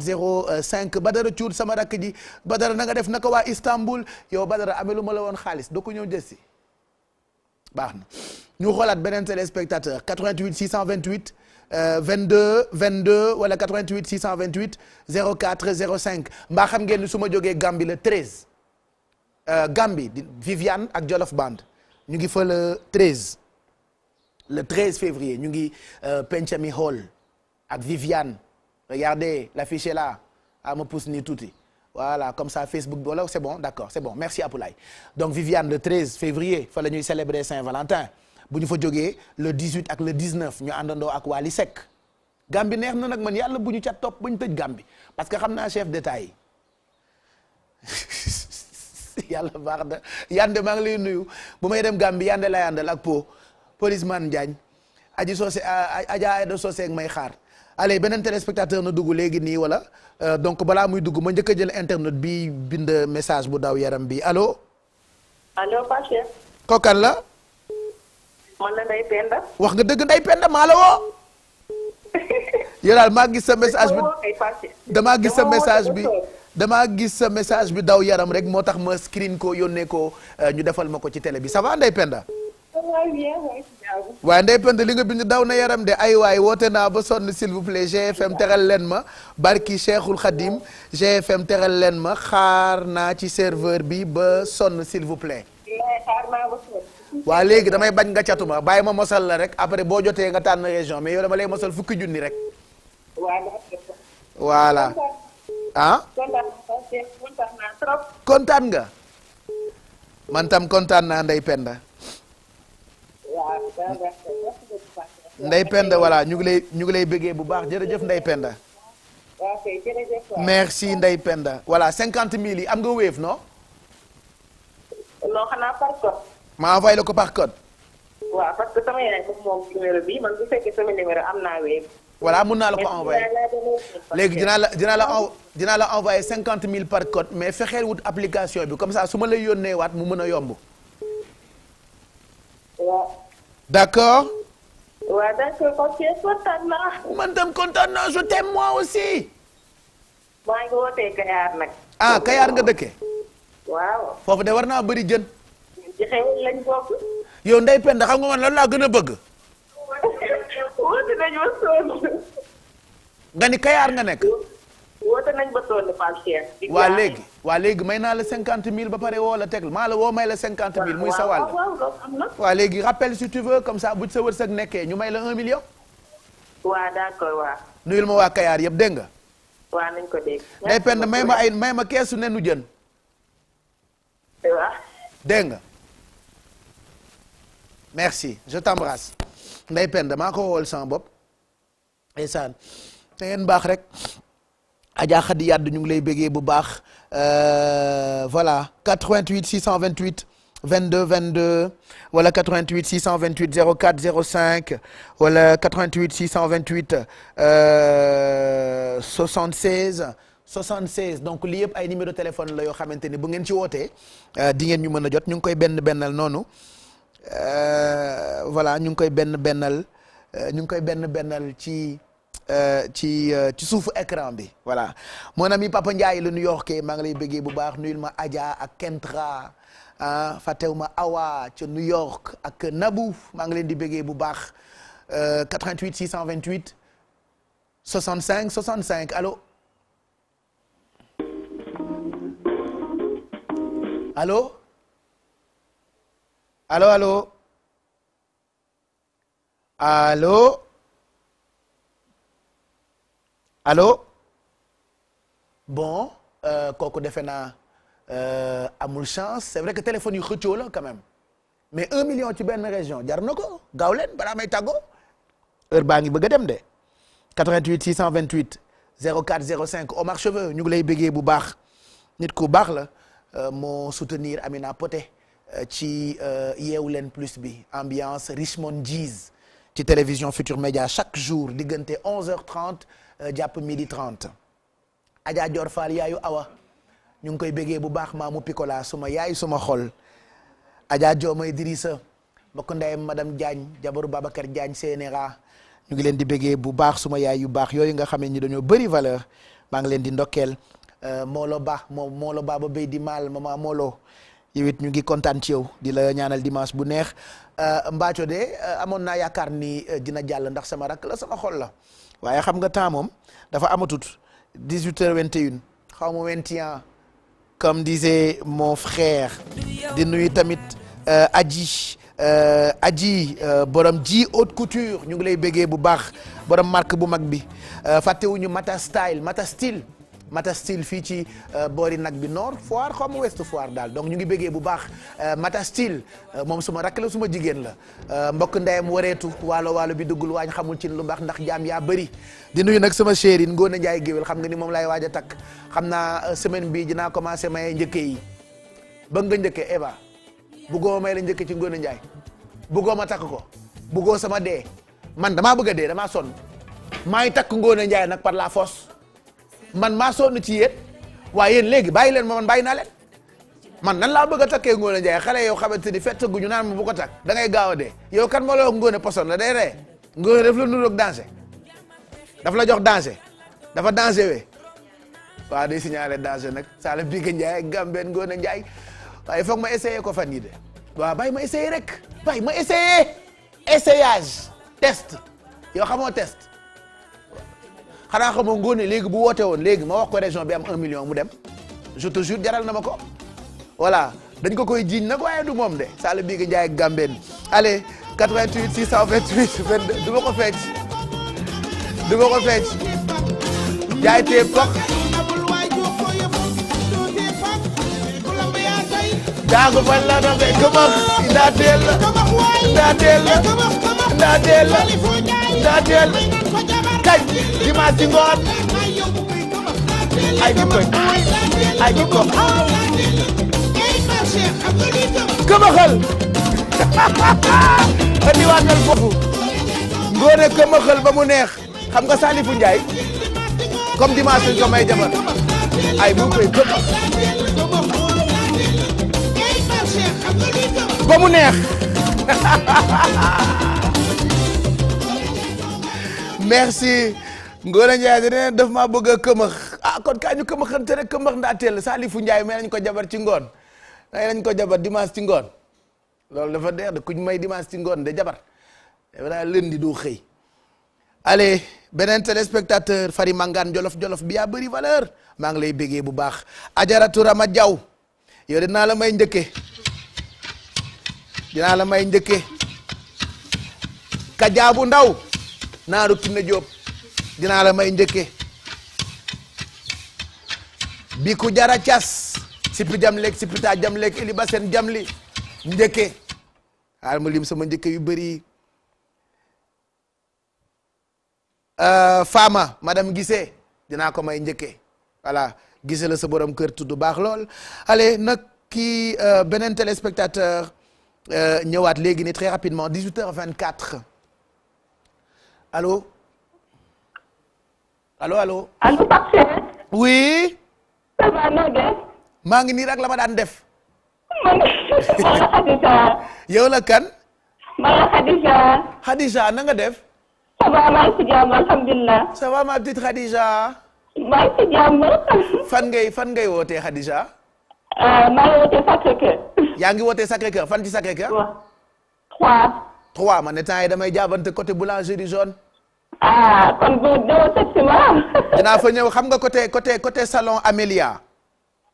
Speaker 1: 05 Badara Thiour sama rakk ji Badara na nga def naka waa Istanbul yow Badara amelu ma la woon xaalis doo ko ñëw jëssi baax na ñu xoolaat beneen téléspectateur 88 628 Euh, 22 22 wala 88 628 04 05 mbaa xam ngeen ni su ma jógee Gambie le 13 euh, Viviane ak Jolof Band ñu ngi fa le le 13 février ñu ngi euh, Penchami Hall ak Viviane regardez l'affiche est là ah ma pousse nii tuuti voilà comme ça Facebook bi wala c'est bon d'accord c'est bon merci Apoulaye donc Viviane le 13 février fa la ñuy célébrer Saint-Valentin bu ñu fa jogee le 18 ak le 19 ñu àndandoo ak Wally Seck Gàmbi neex na nag man yàlla bu ñu cat topp bu ñu tëj Gàmbi parce que xam naa chef d'État yi yàlla baax na yande maa ngi lay nuyu bu may dem Gàmbi yande laa yàndal ak po policeman Njaañ aji soose aja ah, ah, Aida Socé ak may xaar allez beneen téléspectateur na dugg léegi nii wala euh, donc balaa muy dugg ma njëkk a jël internet bi bind message bu daw yaram bi alo
Speaker 2: allo la. wax
Speaker 1: nga dëgg Ndeye Penda maa la woo. yow daal maa gis sa message bi damaa gis sa message bi damaa gis sa message bi daw yaram rek moo tax ma screen ko yónnee ko euh, ñu defal ma ko ci télé bi ça va Penda. waaye ndey pent li nga bind daw na yaram de ay waay woote naa ba sonn s'il vous plaît GFM teral leen ma barki Cheikhul Khadim GFM teral leen ma xaar naa ci serveur bi ba sonn s'il vous eh, waa léegi damay bañ nga catuma bàyyi ma mosal la rek après boo jotee nga tànn région mais yow dama lay mosal fukki junni rek. voilà. ah. kontaan nga. man tam kontaan naa ndey penda Ndeye Penda voilà ñu ngi lay ñu ngi lay bëggee bu baax jërëjëf Ndeye Penda.
Speaker 2: ok jërëjëf
Speaker 1: merci Ndeye Penda voilà cinquante mille yi am nga wéef non. ma envoyé la ko par code.
Speaker 2: waaw mun naa la ko envoyé léegi dinaa la dinaa la en
Speaker 1: la envoyé cinquante mille par code mais fexeel wut application bi comme ça su ma lay yónnee waat mu mën a yomb. d'accord. waaw d'accord monsieur kontaan naa. man tam kontaan naa je t'aime moi aussi. ah Kayar nga dëkkee. waaw. foofu de war naa bari jën.
Speaker 2: ci xewal lañ bokk.
Speaker 1: yow xam nga man lan laa gën a bëgg. woote nañ nga ni Kayar nga nekk.
Speaker 2: woote nañ ba sonn léegi.
Speaker 1: waa léegi may naa la cinquante mille ba pare woo la teg maa la woo may la cinquante mille muy sa wàll waa léegi rappel si tu comme ça bu sa wërsëg nekkee ñu may la un million nuyul ma waa Kayaar yëpp dégg nga waa nañ ko dégg day pend may ma ay may nday pend maa ko wool sama bopp ndeysaan te baax rek Adja Khady Yade ñu ngi lay bégee bu baax euh, voilà 88 628 22 22 wala 88 628 04 05 wala 88 628 euh, 76 76 donc lii yëpp ay numéro téléphone la yoo xamante ni bu ngeen ci woote euh, di ngeen ñu mën a jot ñu ngi koy benn bennal noonu euh, voilà ñu ngi koy benn bennal euh, ñu ngi koy benn bennal ci. Euh, ci euh, ci suufu écran bi voilà mon ami Papa Ndiaye le New Yorkais maa ngi lay bëggee bu baax nuyul ma Adja ak Kentra ah fàttewu ma Awa ca New York ak Nabou maa ngi leen di bëggee bu baax 88 628 65 65 allo alo alo alo allo. allo bon euh, kooku defe naa euh, amul chance c'est vrai que téléphone yu xëccoo la quand même mais un million ci benn région jar na ko gaaw leen balaa may tàggoo heure baa ngi bëgg a dem de 88 628 04 05 Omar Cheveux ñu ngi lay bëggee bu baax nit ku baax la euh, moo soutenir Amina Poté ci yeewu leen plus bi ambiance Richmond Gis ci télévision Futur Média chaque jour diggante 11 h Euh, jàpp midi 30 Adja Dior Fall yaayu Awa ñu ngi koy bégee bu baax maamu Picola suma yaay suma xol Adja Dioma Idrissa mbokk ndeyam madame Diagne jabaru Babacar Diagne CNRA ñu ngi leen di bégee bu baax suma yaay yu baax yooyu nga xamee ni dañoo bëri valeur maa ngi leen di ndokkeel euh, moolo Ba moom Molo Ba ba bay di maal mama Molo yow it ñu ngi kontaan ci yow di la ñaanal dimanche bu neex euh, Mbathio de amoon naa yaakaar ni dina jàll ndax sama rakk la sama la. waaye xam nga temps moom dafa amatut dix huit heures vingt xaw ma vingt comme disait mon frère di nuyu tamit euh, aji euh, aji euh, borom ji haute couture ñu ngi lay béggee bu baax borom marque bu mag bi fàttewuñu mata style mata style Mata Style fii ci euh, boori nag bi noor foire xaw ma west foire daal donc ñu ngi bëggee bu baax euh, Mata Style euh, moom suma rakk la suma jigéen la mbokk ndeyam wareetu waalo waalo bi duggul waañ xamul ci lu baax ndax jaam yaa bari di nuyu nag sama chéri Ngoone Njaay géwél xam nga ni moom laay waaj a takk xam naa semaine bii dinaa commencé maye njëkke yi ba nga njëkke Eva buggoo may la njëkke ci Ngoone Njaay buggoo ma takk ko buggoo sama dee man damaa bëgg a dee damaa sonn maa ngi takk Ngoone Njaay nag par la force man maa sonn ci yéen waaye yéen léegi bàyyi leen ma man bàyyi naa leen man nan laa bëgg a takkee Ngoné Ndiaye xale yow xamante ni fettaguñu naan ma bu ko takk dangay gaaw de dee kan moo la wax Ngoné poson la day ree Ngoné daf la nuroog danger daf la jox danger dafa danger we waaw day signalé danger nag Saalum Bigue Ndiaye Gambeen Ngoné Ndiaye waaye foog ma essayer ko fan yii de waa bàyyi ma essayer rek bàyyi ma essayer essayage test yoo xamoo test xanaa xamoo ngóone léegi bu woote woon léegi ma wax ko région bi am un million mu dem je te jure jaral na ma ko voilà dañ ko koy jiiñ nag waaye du moom de Sall bii nga jaay ak Gambeen allez du ma ko fecc du ma fecc jaay tee pok jaagu fan la doon fekk moom ndaa ndaa teel ndaa teel ndaa teel kañ dimanche ngoon ay jikko ay jikko këmëxël andiwaatal foofu ngoone këmëxël ba mu neex xam nga Salifou Ndiaye comme dimanche lañ ko may jabar ay mu koy këma ba mu neex merci Ngor Ndiaye da ne daf maa bëgg a këmax ah kon kaa ñu këmaxante rek këmax ndaa teel Salifou Ndiaye may nañ ko jabar ci ngoon may nañ ko jabar dimanche ci ngoon loolu dafa deex de kuñ may dimanche ci ngoon de jabar dafa daa lundi doo xëy allez beneen téléspectateur Fari Mangane jolof jolof bi yaa bëri valeur maa ngi lay bégee bu baax ajaratu Rama Diaw yow dinaa la may njëkke dinaa la may njëkke kajaabu ndaw naaru kinna jóob dinaa la may njëkke bi ku jara cas sipi jam leeg sipita jam leeg ili ba seen jam li njëkke xaal ma lim sama njëkke yu bëri euh, Fama madame Guissé dinaa ko may njëkke voilà gisee la sa borom kër tuddu baax lool allez nag kii euh, beneen téléspectateur euh, ñëwaat léegi nii très rapidement 18 vingt 24 allo allo allo. allo Pape Cheikh. oui. ça va noo def. maa ngi nii rek la ma daan def. man maa la Khadija. yow la kan. maa la Khadija. Khadija na nga def. ça va maa ngi ci jàmm alhamdulilah. ça va ma petite Khadija. maa ngi ci jàmm. fan ngay fan ngay wootee Khadija. Euh, maa ngi wootee Sacré Cœur. yaa ngi wootee Sacré Cœur fan ci Sacré Cœur. waaw. trois man ne temps yi damay jaabante côté boulangerie jaune. ah kon bu doo teg si dinaa fa ñëw xam nga côté côté côté salon Amélia.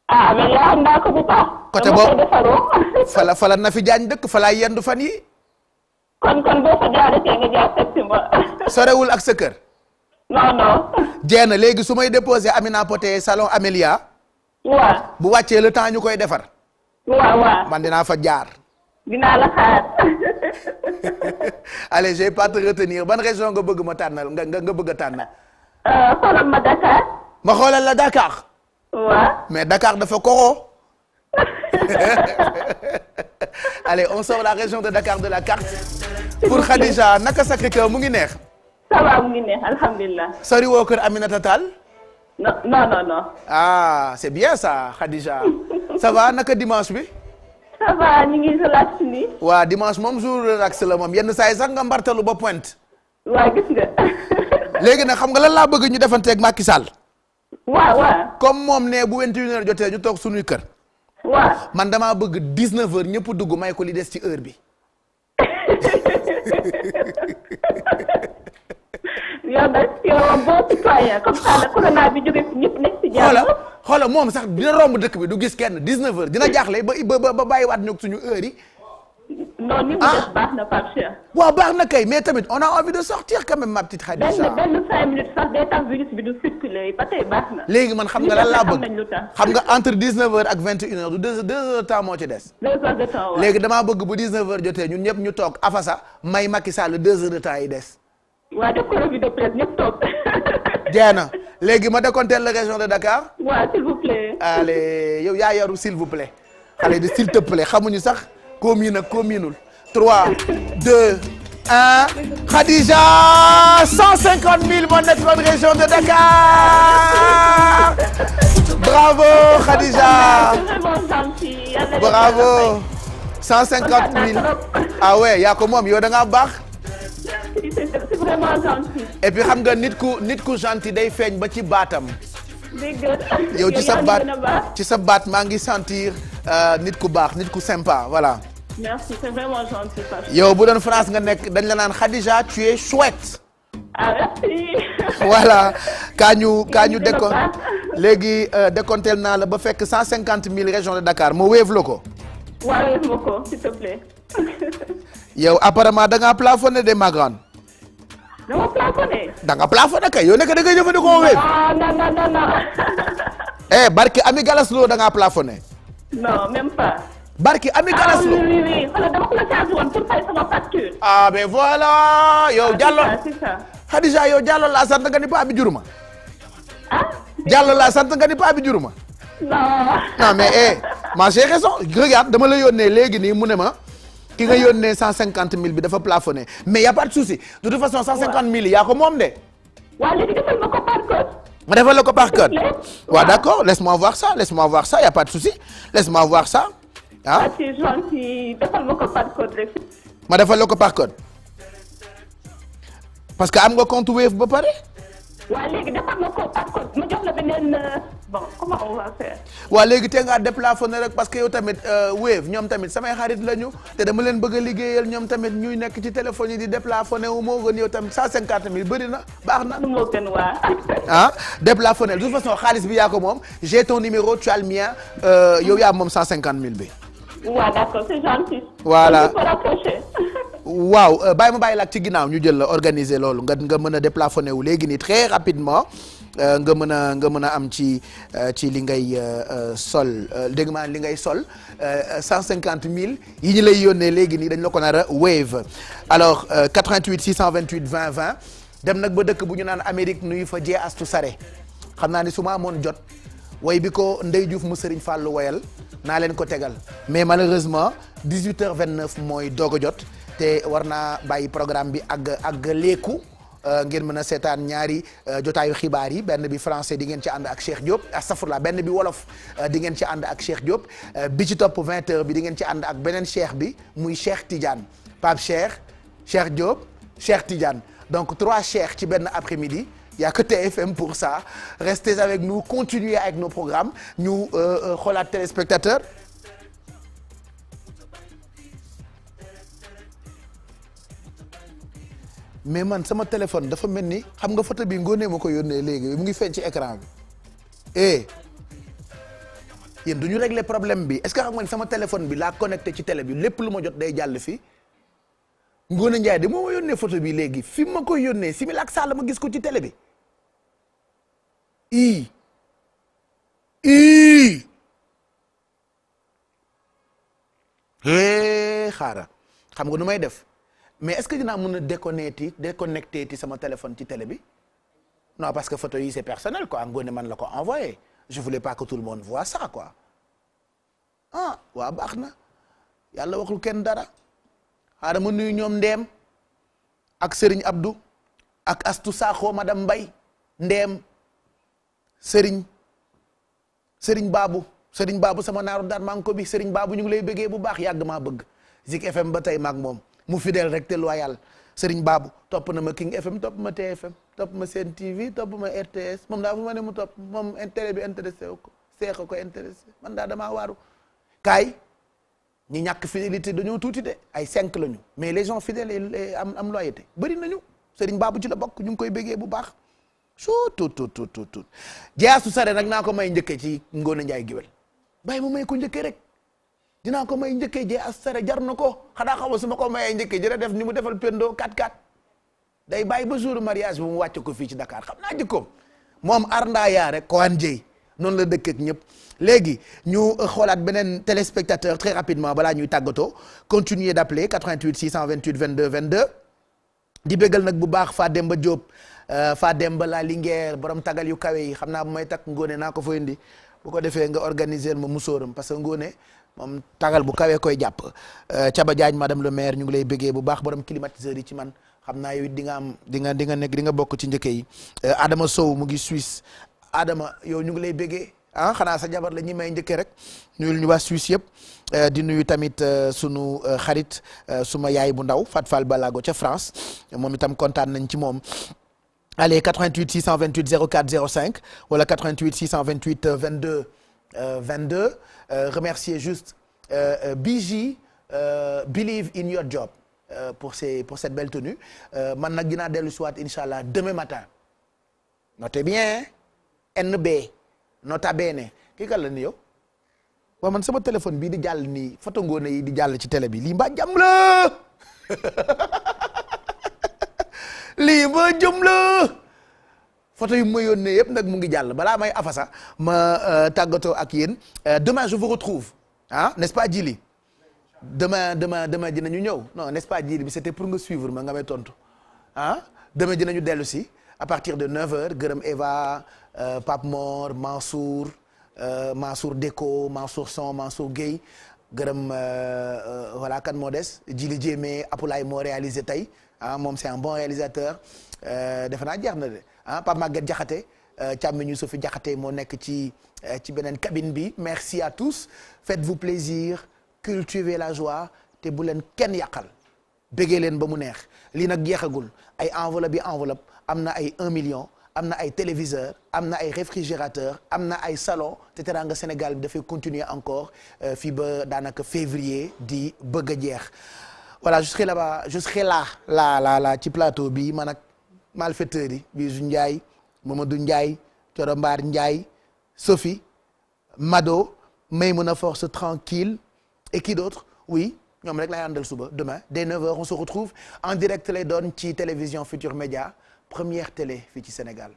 Speaker 1: ah Amélia xam naa ko bu baax. côté boobu fala fala na fi jaañ dëkk fala yendu fan yi kon kon boo fa jaaree nga jaar teg si sorewul ak sa kër. non non. jéem léegi su may déposé Amina Poté salon Amélia. bu wàccee le temps ñu koy defar. waaw waaw man dinaa fa jaar. dinaa la xaar. allez je vais pas te retenir ban région nga bëgg ma tànnal nga nga bëgg a tànn. Euh, xoolal ma Dakar. ma xoolal la Dakar. waaw mais Dakar dafa koro. allez on sort la région de Dakar de la carte. pour Khadija naka Sacré-Cœur mu ngi neex.
Speaker 2: ça va mu ngi alhamdulilah.
Speaker 1: sori woo kër non non non. ah c'est bien ça Khadija. ça naka dimanche bi. ça va ñu ngi relax nii. waa dimanche moom jour relax la moom yenn saa yi sax nga mbartalu ba point. waa gis nga. léegi nag xam nga lan laa bëgg ñu defanteeg Macky Sall. waaw waaw. comme moom ne bu 21h jotee ñu toog suñuy kër. waaw man damaa bëgg 19h ñëpp dugg may ko li des ci heure bi. yow nag yow boo citoyen comme ça la corona bi jóge fi ñëpp nekk ci jàmm. xoola xoola moom sax dina romb dëkk bi du gis kenn 19h dina jaaxle ba ba ba bàyyiwaat ñoog suñu heure yi. non ni mu ah. def baax na Pape Cheikh. waaw baax na kay mais tamit on a envie de sortir quand même ma petite Khadija. benn benn
Speaker 2: cinq minutes sax day tax virus bi du circuler ba tey baax na. léegi man xam nga lan laa bëgg xam nga
Speaker 1: entre 19h ak 21h du 2 2 heures temps moo ci des. 2 heures de temps waaw léegi damaa bëgg bu 19h jotee ñun ñëpp ñu toog afasa may Macky Sall 2 heures de temps yi des. waa def ko revue de presse ñëpp toog. jeena léegi ma décompté la région de Dakar. waaw s'il vous plaît. allez yow yaa yaru de s'il te plaît xamuñu sax commune ak communeul 3 2 de Dakar bravo Khadija bravo 150 000 ah ouais yaa ko moom yow da ngaa baax. c'est xam nga nit ku nit ku gentil day feeñ ba ci baatam.
Speaker 2: yow ci sa baat
Speaker 1: sa baat maa ngi sentir euh, nit ku baax nit ku sympa voilà. yow bu doon France nga nekk dañ la naan Khadija tu es chouette.
Speaker 2: kaañu ah,
Speaker 1: merci. voilà léegi euh, décompteel naa la ba fekk cent cinquante mille région de Dakar moo wéev la ko. yow apparemment da ngaa plafonné de ma grande. da kay yow nekk da ngay jëfandikoo wéef.
Speaker 2: Ah, non non
Speaker 1: eh, barki ami galas loo da ngaa barki ami galas ah, loo. dama ko la chargé woon pour fay sama facture. ah mais voilà yow. Ah, Diallo Khadija yow Diallo laa sant nga ni paa juruma. ah. laa sant nga ni paa juruma.
Speaker 2: non. mais
Speaker 1: eh ma j'ai raison dama la yónnee léegi nii mu ne ma. ki nga yónnee cent cinquante mille bi dafa plafonné mais y' a pas de souci de toute façon cent cinquante mille yaa ko moom de. waaw léegi defal ma ko par code. ma defal la ko par code. waaw d' a laisse-moi voir ça laisse-moi voir y' a pas de souci laisse-moi voir ça ah. ah. c'est
Speaker 2: gentil defal ma ko par code rek.
Speaker 1: ma que am nga compte ba pare.
Speaker 2: waaw léegi defal ma ko par contre ma jox la beneen
Speaker 1: euh, bon comment on va faire. waaw léegi te ngaa déplafonné rek parce que yow tamit euh, Wave ñoom tamit samay la lañu te dama leen bëgg a liggéeyal ñoom tamit ñuy nekk ci téléphone yi di déplafonné wu moo gën yow tamit 150 000 bëri na baax na. moo gën waa. ah déplafonné de toute façon xaalis bi yaa ko moom j'ai ton numéro tu as le mien euh, yow yaa moom 150 000 bi. waaw voilà euh, waaw bàyyi ma bàyyi la ci ginnaaw ñu jël la organiser loolu nga nga mën a déplafonné wu léegi nii très rapidement euh, nga mën a nga mën a am ci euh, ci li ngay sol dégg maa li ngay sol cent cinquante mille yi ñu lay yónnee léegi nii dañ la ko nar a wave alors vingt 628 20 20 dem nag ba dëkk bu ñu naan Amérique nuyu fa jee astu sare xam naa ni su ma amoon jot way bi ko Ndey Diouf mu Sëriñ Fàllu woyal naa leen ko tegal mais malheureusement 18 vingt 29 mooy doog a jot te war naa bàyyi programme bi ak ak leeku euh, ngeen mën a seetaan ñaari euh, jotaayu xibaar yi benn bi français di ngeen ci ànd ak Cheikh a astafurla benn bi wolof euh, di ngeen ci ànd ak Cheikh Diop bi ci topp 20h bi di ngeen ci ànd ak beneen cheikh bi muy Cheikh Tidiane Pape Cheikh Cheikh Diop Cheikh Tidiane donc trois cheikh ci benn après-midi. il y a que TFM pour ça restez avec nous continuez avec nos programmes ñu euh, euh, xolaat téléspectateurs mais man sama téléphone dafa mel ni xam nga photo bi ngoonee ma ko yónnee léegi mu ngi feeñ ci écran bi eh yéen du ñu régler problème bi est-ce que xam nga ni sama téléphone bi laa connecté ci télé bi lépp lu ma jot day jàll fi Ngoone Njaay de moo ma yónnee photo bi léegi fi ma koy yónnee simila ak Sall ma gis ko ci télé bi i i hee xaara xam nga nu may def mais est-ce que dinaa mën a déconnecté déconnecté ti sama téléphone ci télé bi non parce que photo yi c'est personnel quoi Ngoné man la ko envoyé je voulais pas que tout le monde voit ça quoi ah waa baax na yàlla waxul kenn dara xaaral ma nuyu ñoom Ndeem ak Serigne Abdou ak Astou Sakho madame Mbaye Ndeem sëriñ sëriñ baabu sëriñ baabu sama naaru daan maa ngi ko bi sëriñ baabu ñu ngi lay bëggee bu baax yàgg maa bëgg Zik FM ba tey maag moom mu fidèle rek te loyal sëriñ baabu topp na ma King FM topp ma TFM topp ma Sen TV topp ma RTS moom daa fu ma ne mu topp moom intérêt bi intéressé wu ko seex ko intéressé man daa damaa waaru kaay ñi ñàkk fidélité dañoo tuuti de ay cinq lañu mais les gens fidèles am am bari bëri nañu sëriñ baabu ci la bokk ñu ngi koy bëggee bu baax suut tuut tuut tuut tuut tuut jaasu sare nag naa ko may njëkkee ci Ngoone Njaay géwél bàyyi mu may ko njëkkee rek dinaa ko may njëkkee jaasu sare jar na ko xanaa xaw ma su ma ko mayee njëkkee jërë def ni mu defal Pendo 4-4 day bàyyi ba jour mariage bi mu wàcce ko fii ci Dakar xam naa jikkoom moom Arnda yaa rek Koan Dieye noonu la dëkk ak ñëpp léegi ñu xoolaat beneen téléspectateur très rapidement balaa ñuy tàggatoo continuer d'appeler 88 628 22 22 di bégal nag bu baax Fademba Diop. Euh, faa dem la Linguère borom tagal yu kawe yi xam naa bu may takk ngóone naa ko fa indi bu ko defee nga organiser ma musóoram parce que ngóone moom tagal bu kawee koy jàpp Caba euh, Diagne madame le maire ñu ngi lay bëggee bu baax borom climatiseur yi ci man xam naa yow it di nga am di nga nekk di nga bokk ci njëkke yi euh, Sow mu ngi Suisse Adama yow ñu ngi lay bëggee ah xanaa sa jabar la ñuy may njëkkee rek nuyul ñu waa Suisse yëpp di nuyu tamit sunu xarit suma yaay bu ndaw Fat Fall Balago ca France moom itam kontaan nañ ci moom allez 88 628 04 05 wala 88 628 22 euh, 22 euh, euh, remercier juste euh, euh BJ euh, Believe in your job pour pour cette belle tenue man nag dinaa dellu soit incha allah demain matin notez bien NB nota bene kii kan la ni yow waaw man sama téléphone bii di jàll nii photo ngoone yi di jàll ci télé bi li mba jàmm la lii ma jëm la photo yu ma yónnee yëpp nag mu ngi jàll balaa may sax ma euh, tàggatoo ak yéen euh, demain je vous retrouve ah n'est-ce pas Djily demain demain demain dinañu ñëw non n'est-ce pas Djily bi c'était pour nga suivre ma nga may tontu ah demain dinañu dellu si à partir de 9h gërëm Eva euh, Pape Mor Mansour Mansour Deko Mansour Son Mansour Guèye gërëm voilà kan moo des Djily Diémé Apulaay moo réalisé tey. ah moom c'est un bon réalisateur euh, defe naa jeex na de ah Pape jaxate Diakhaté càmmiñu euh, Sophie Diakhaté moo nekk ci euh, ci beneen cabine bi merci à tous faites-vous plaisir cultivez la joie te bu leen kenn yàqal bëggee leen ba mu neex lii nag jeexagul ay enveloppe yi enveloppe am na ay un million am na ay téléviseur am na ay réfrigérateur am na ay salon te Teranga Sénégal bi dafay continuer encore fii ba daanaka février di bëgg a jeex voilà je serai là-bas je serai là là là bi man ak malfaiteurs yi Bijou Ndiaye Mamadou Ndiaye Thioro Mbar sofi Mado Maymouna Force tranquille et qui d'autre oui ñoom rek la àndal suba demain dès 9h on se retrouve en direct lay doon ci télévision Futur Média première télé fii ci Sénégal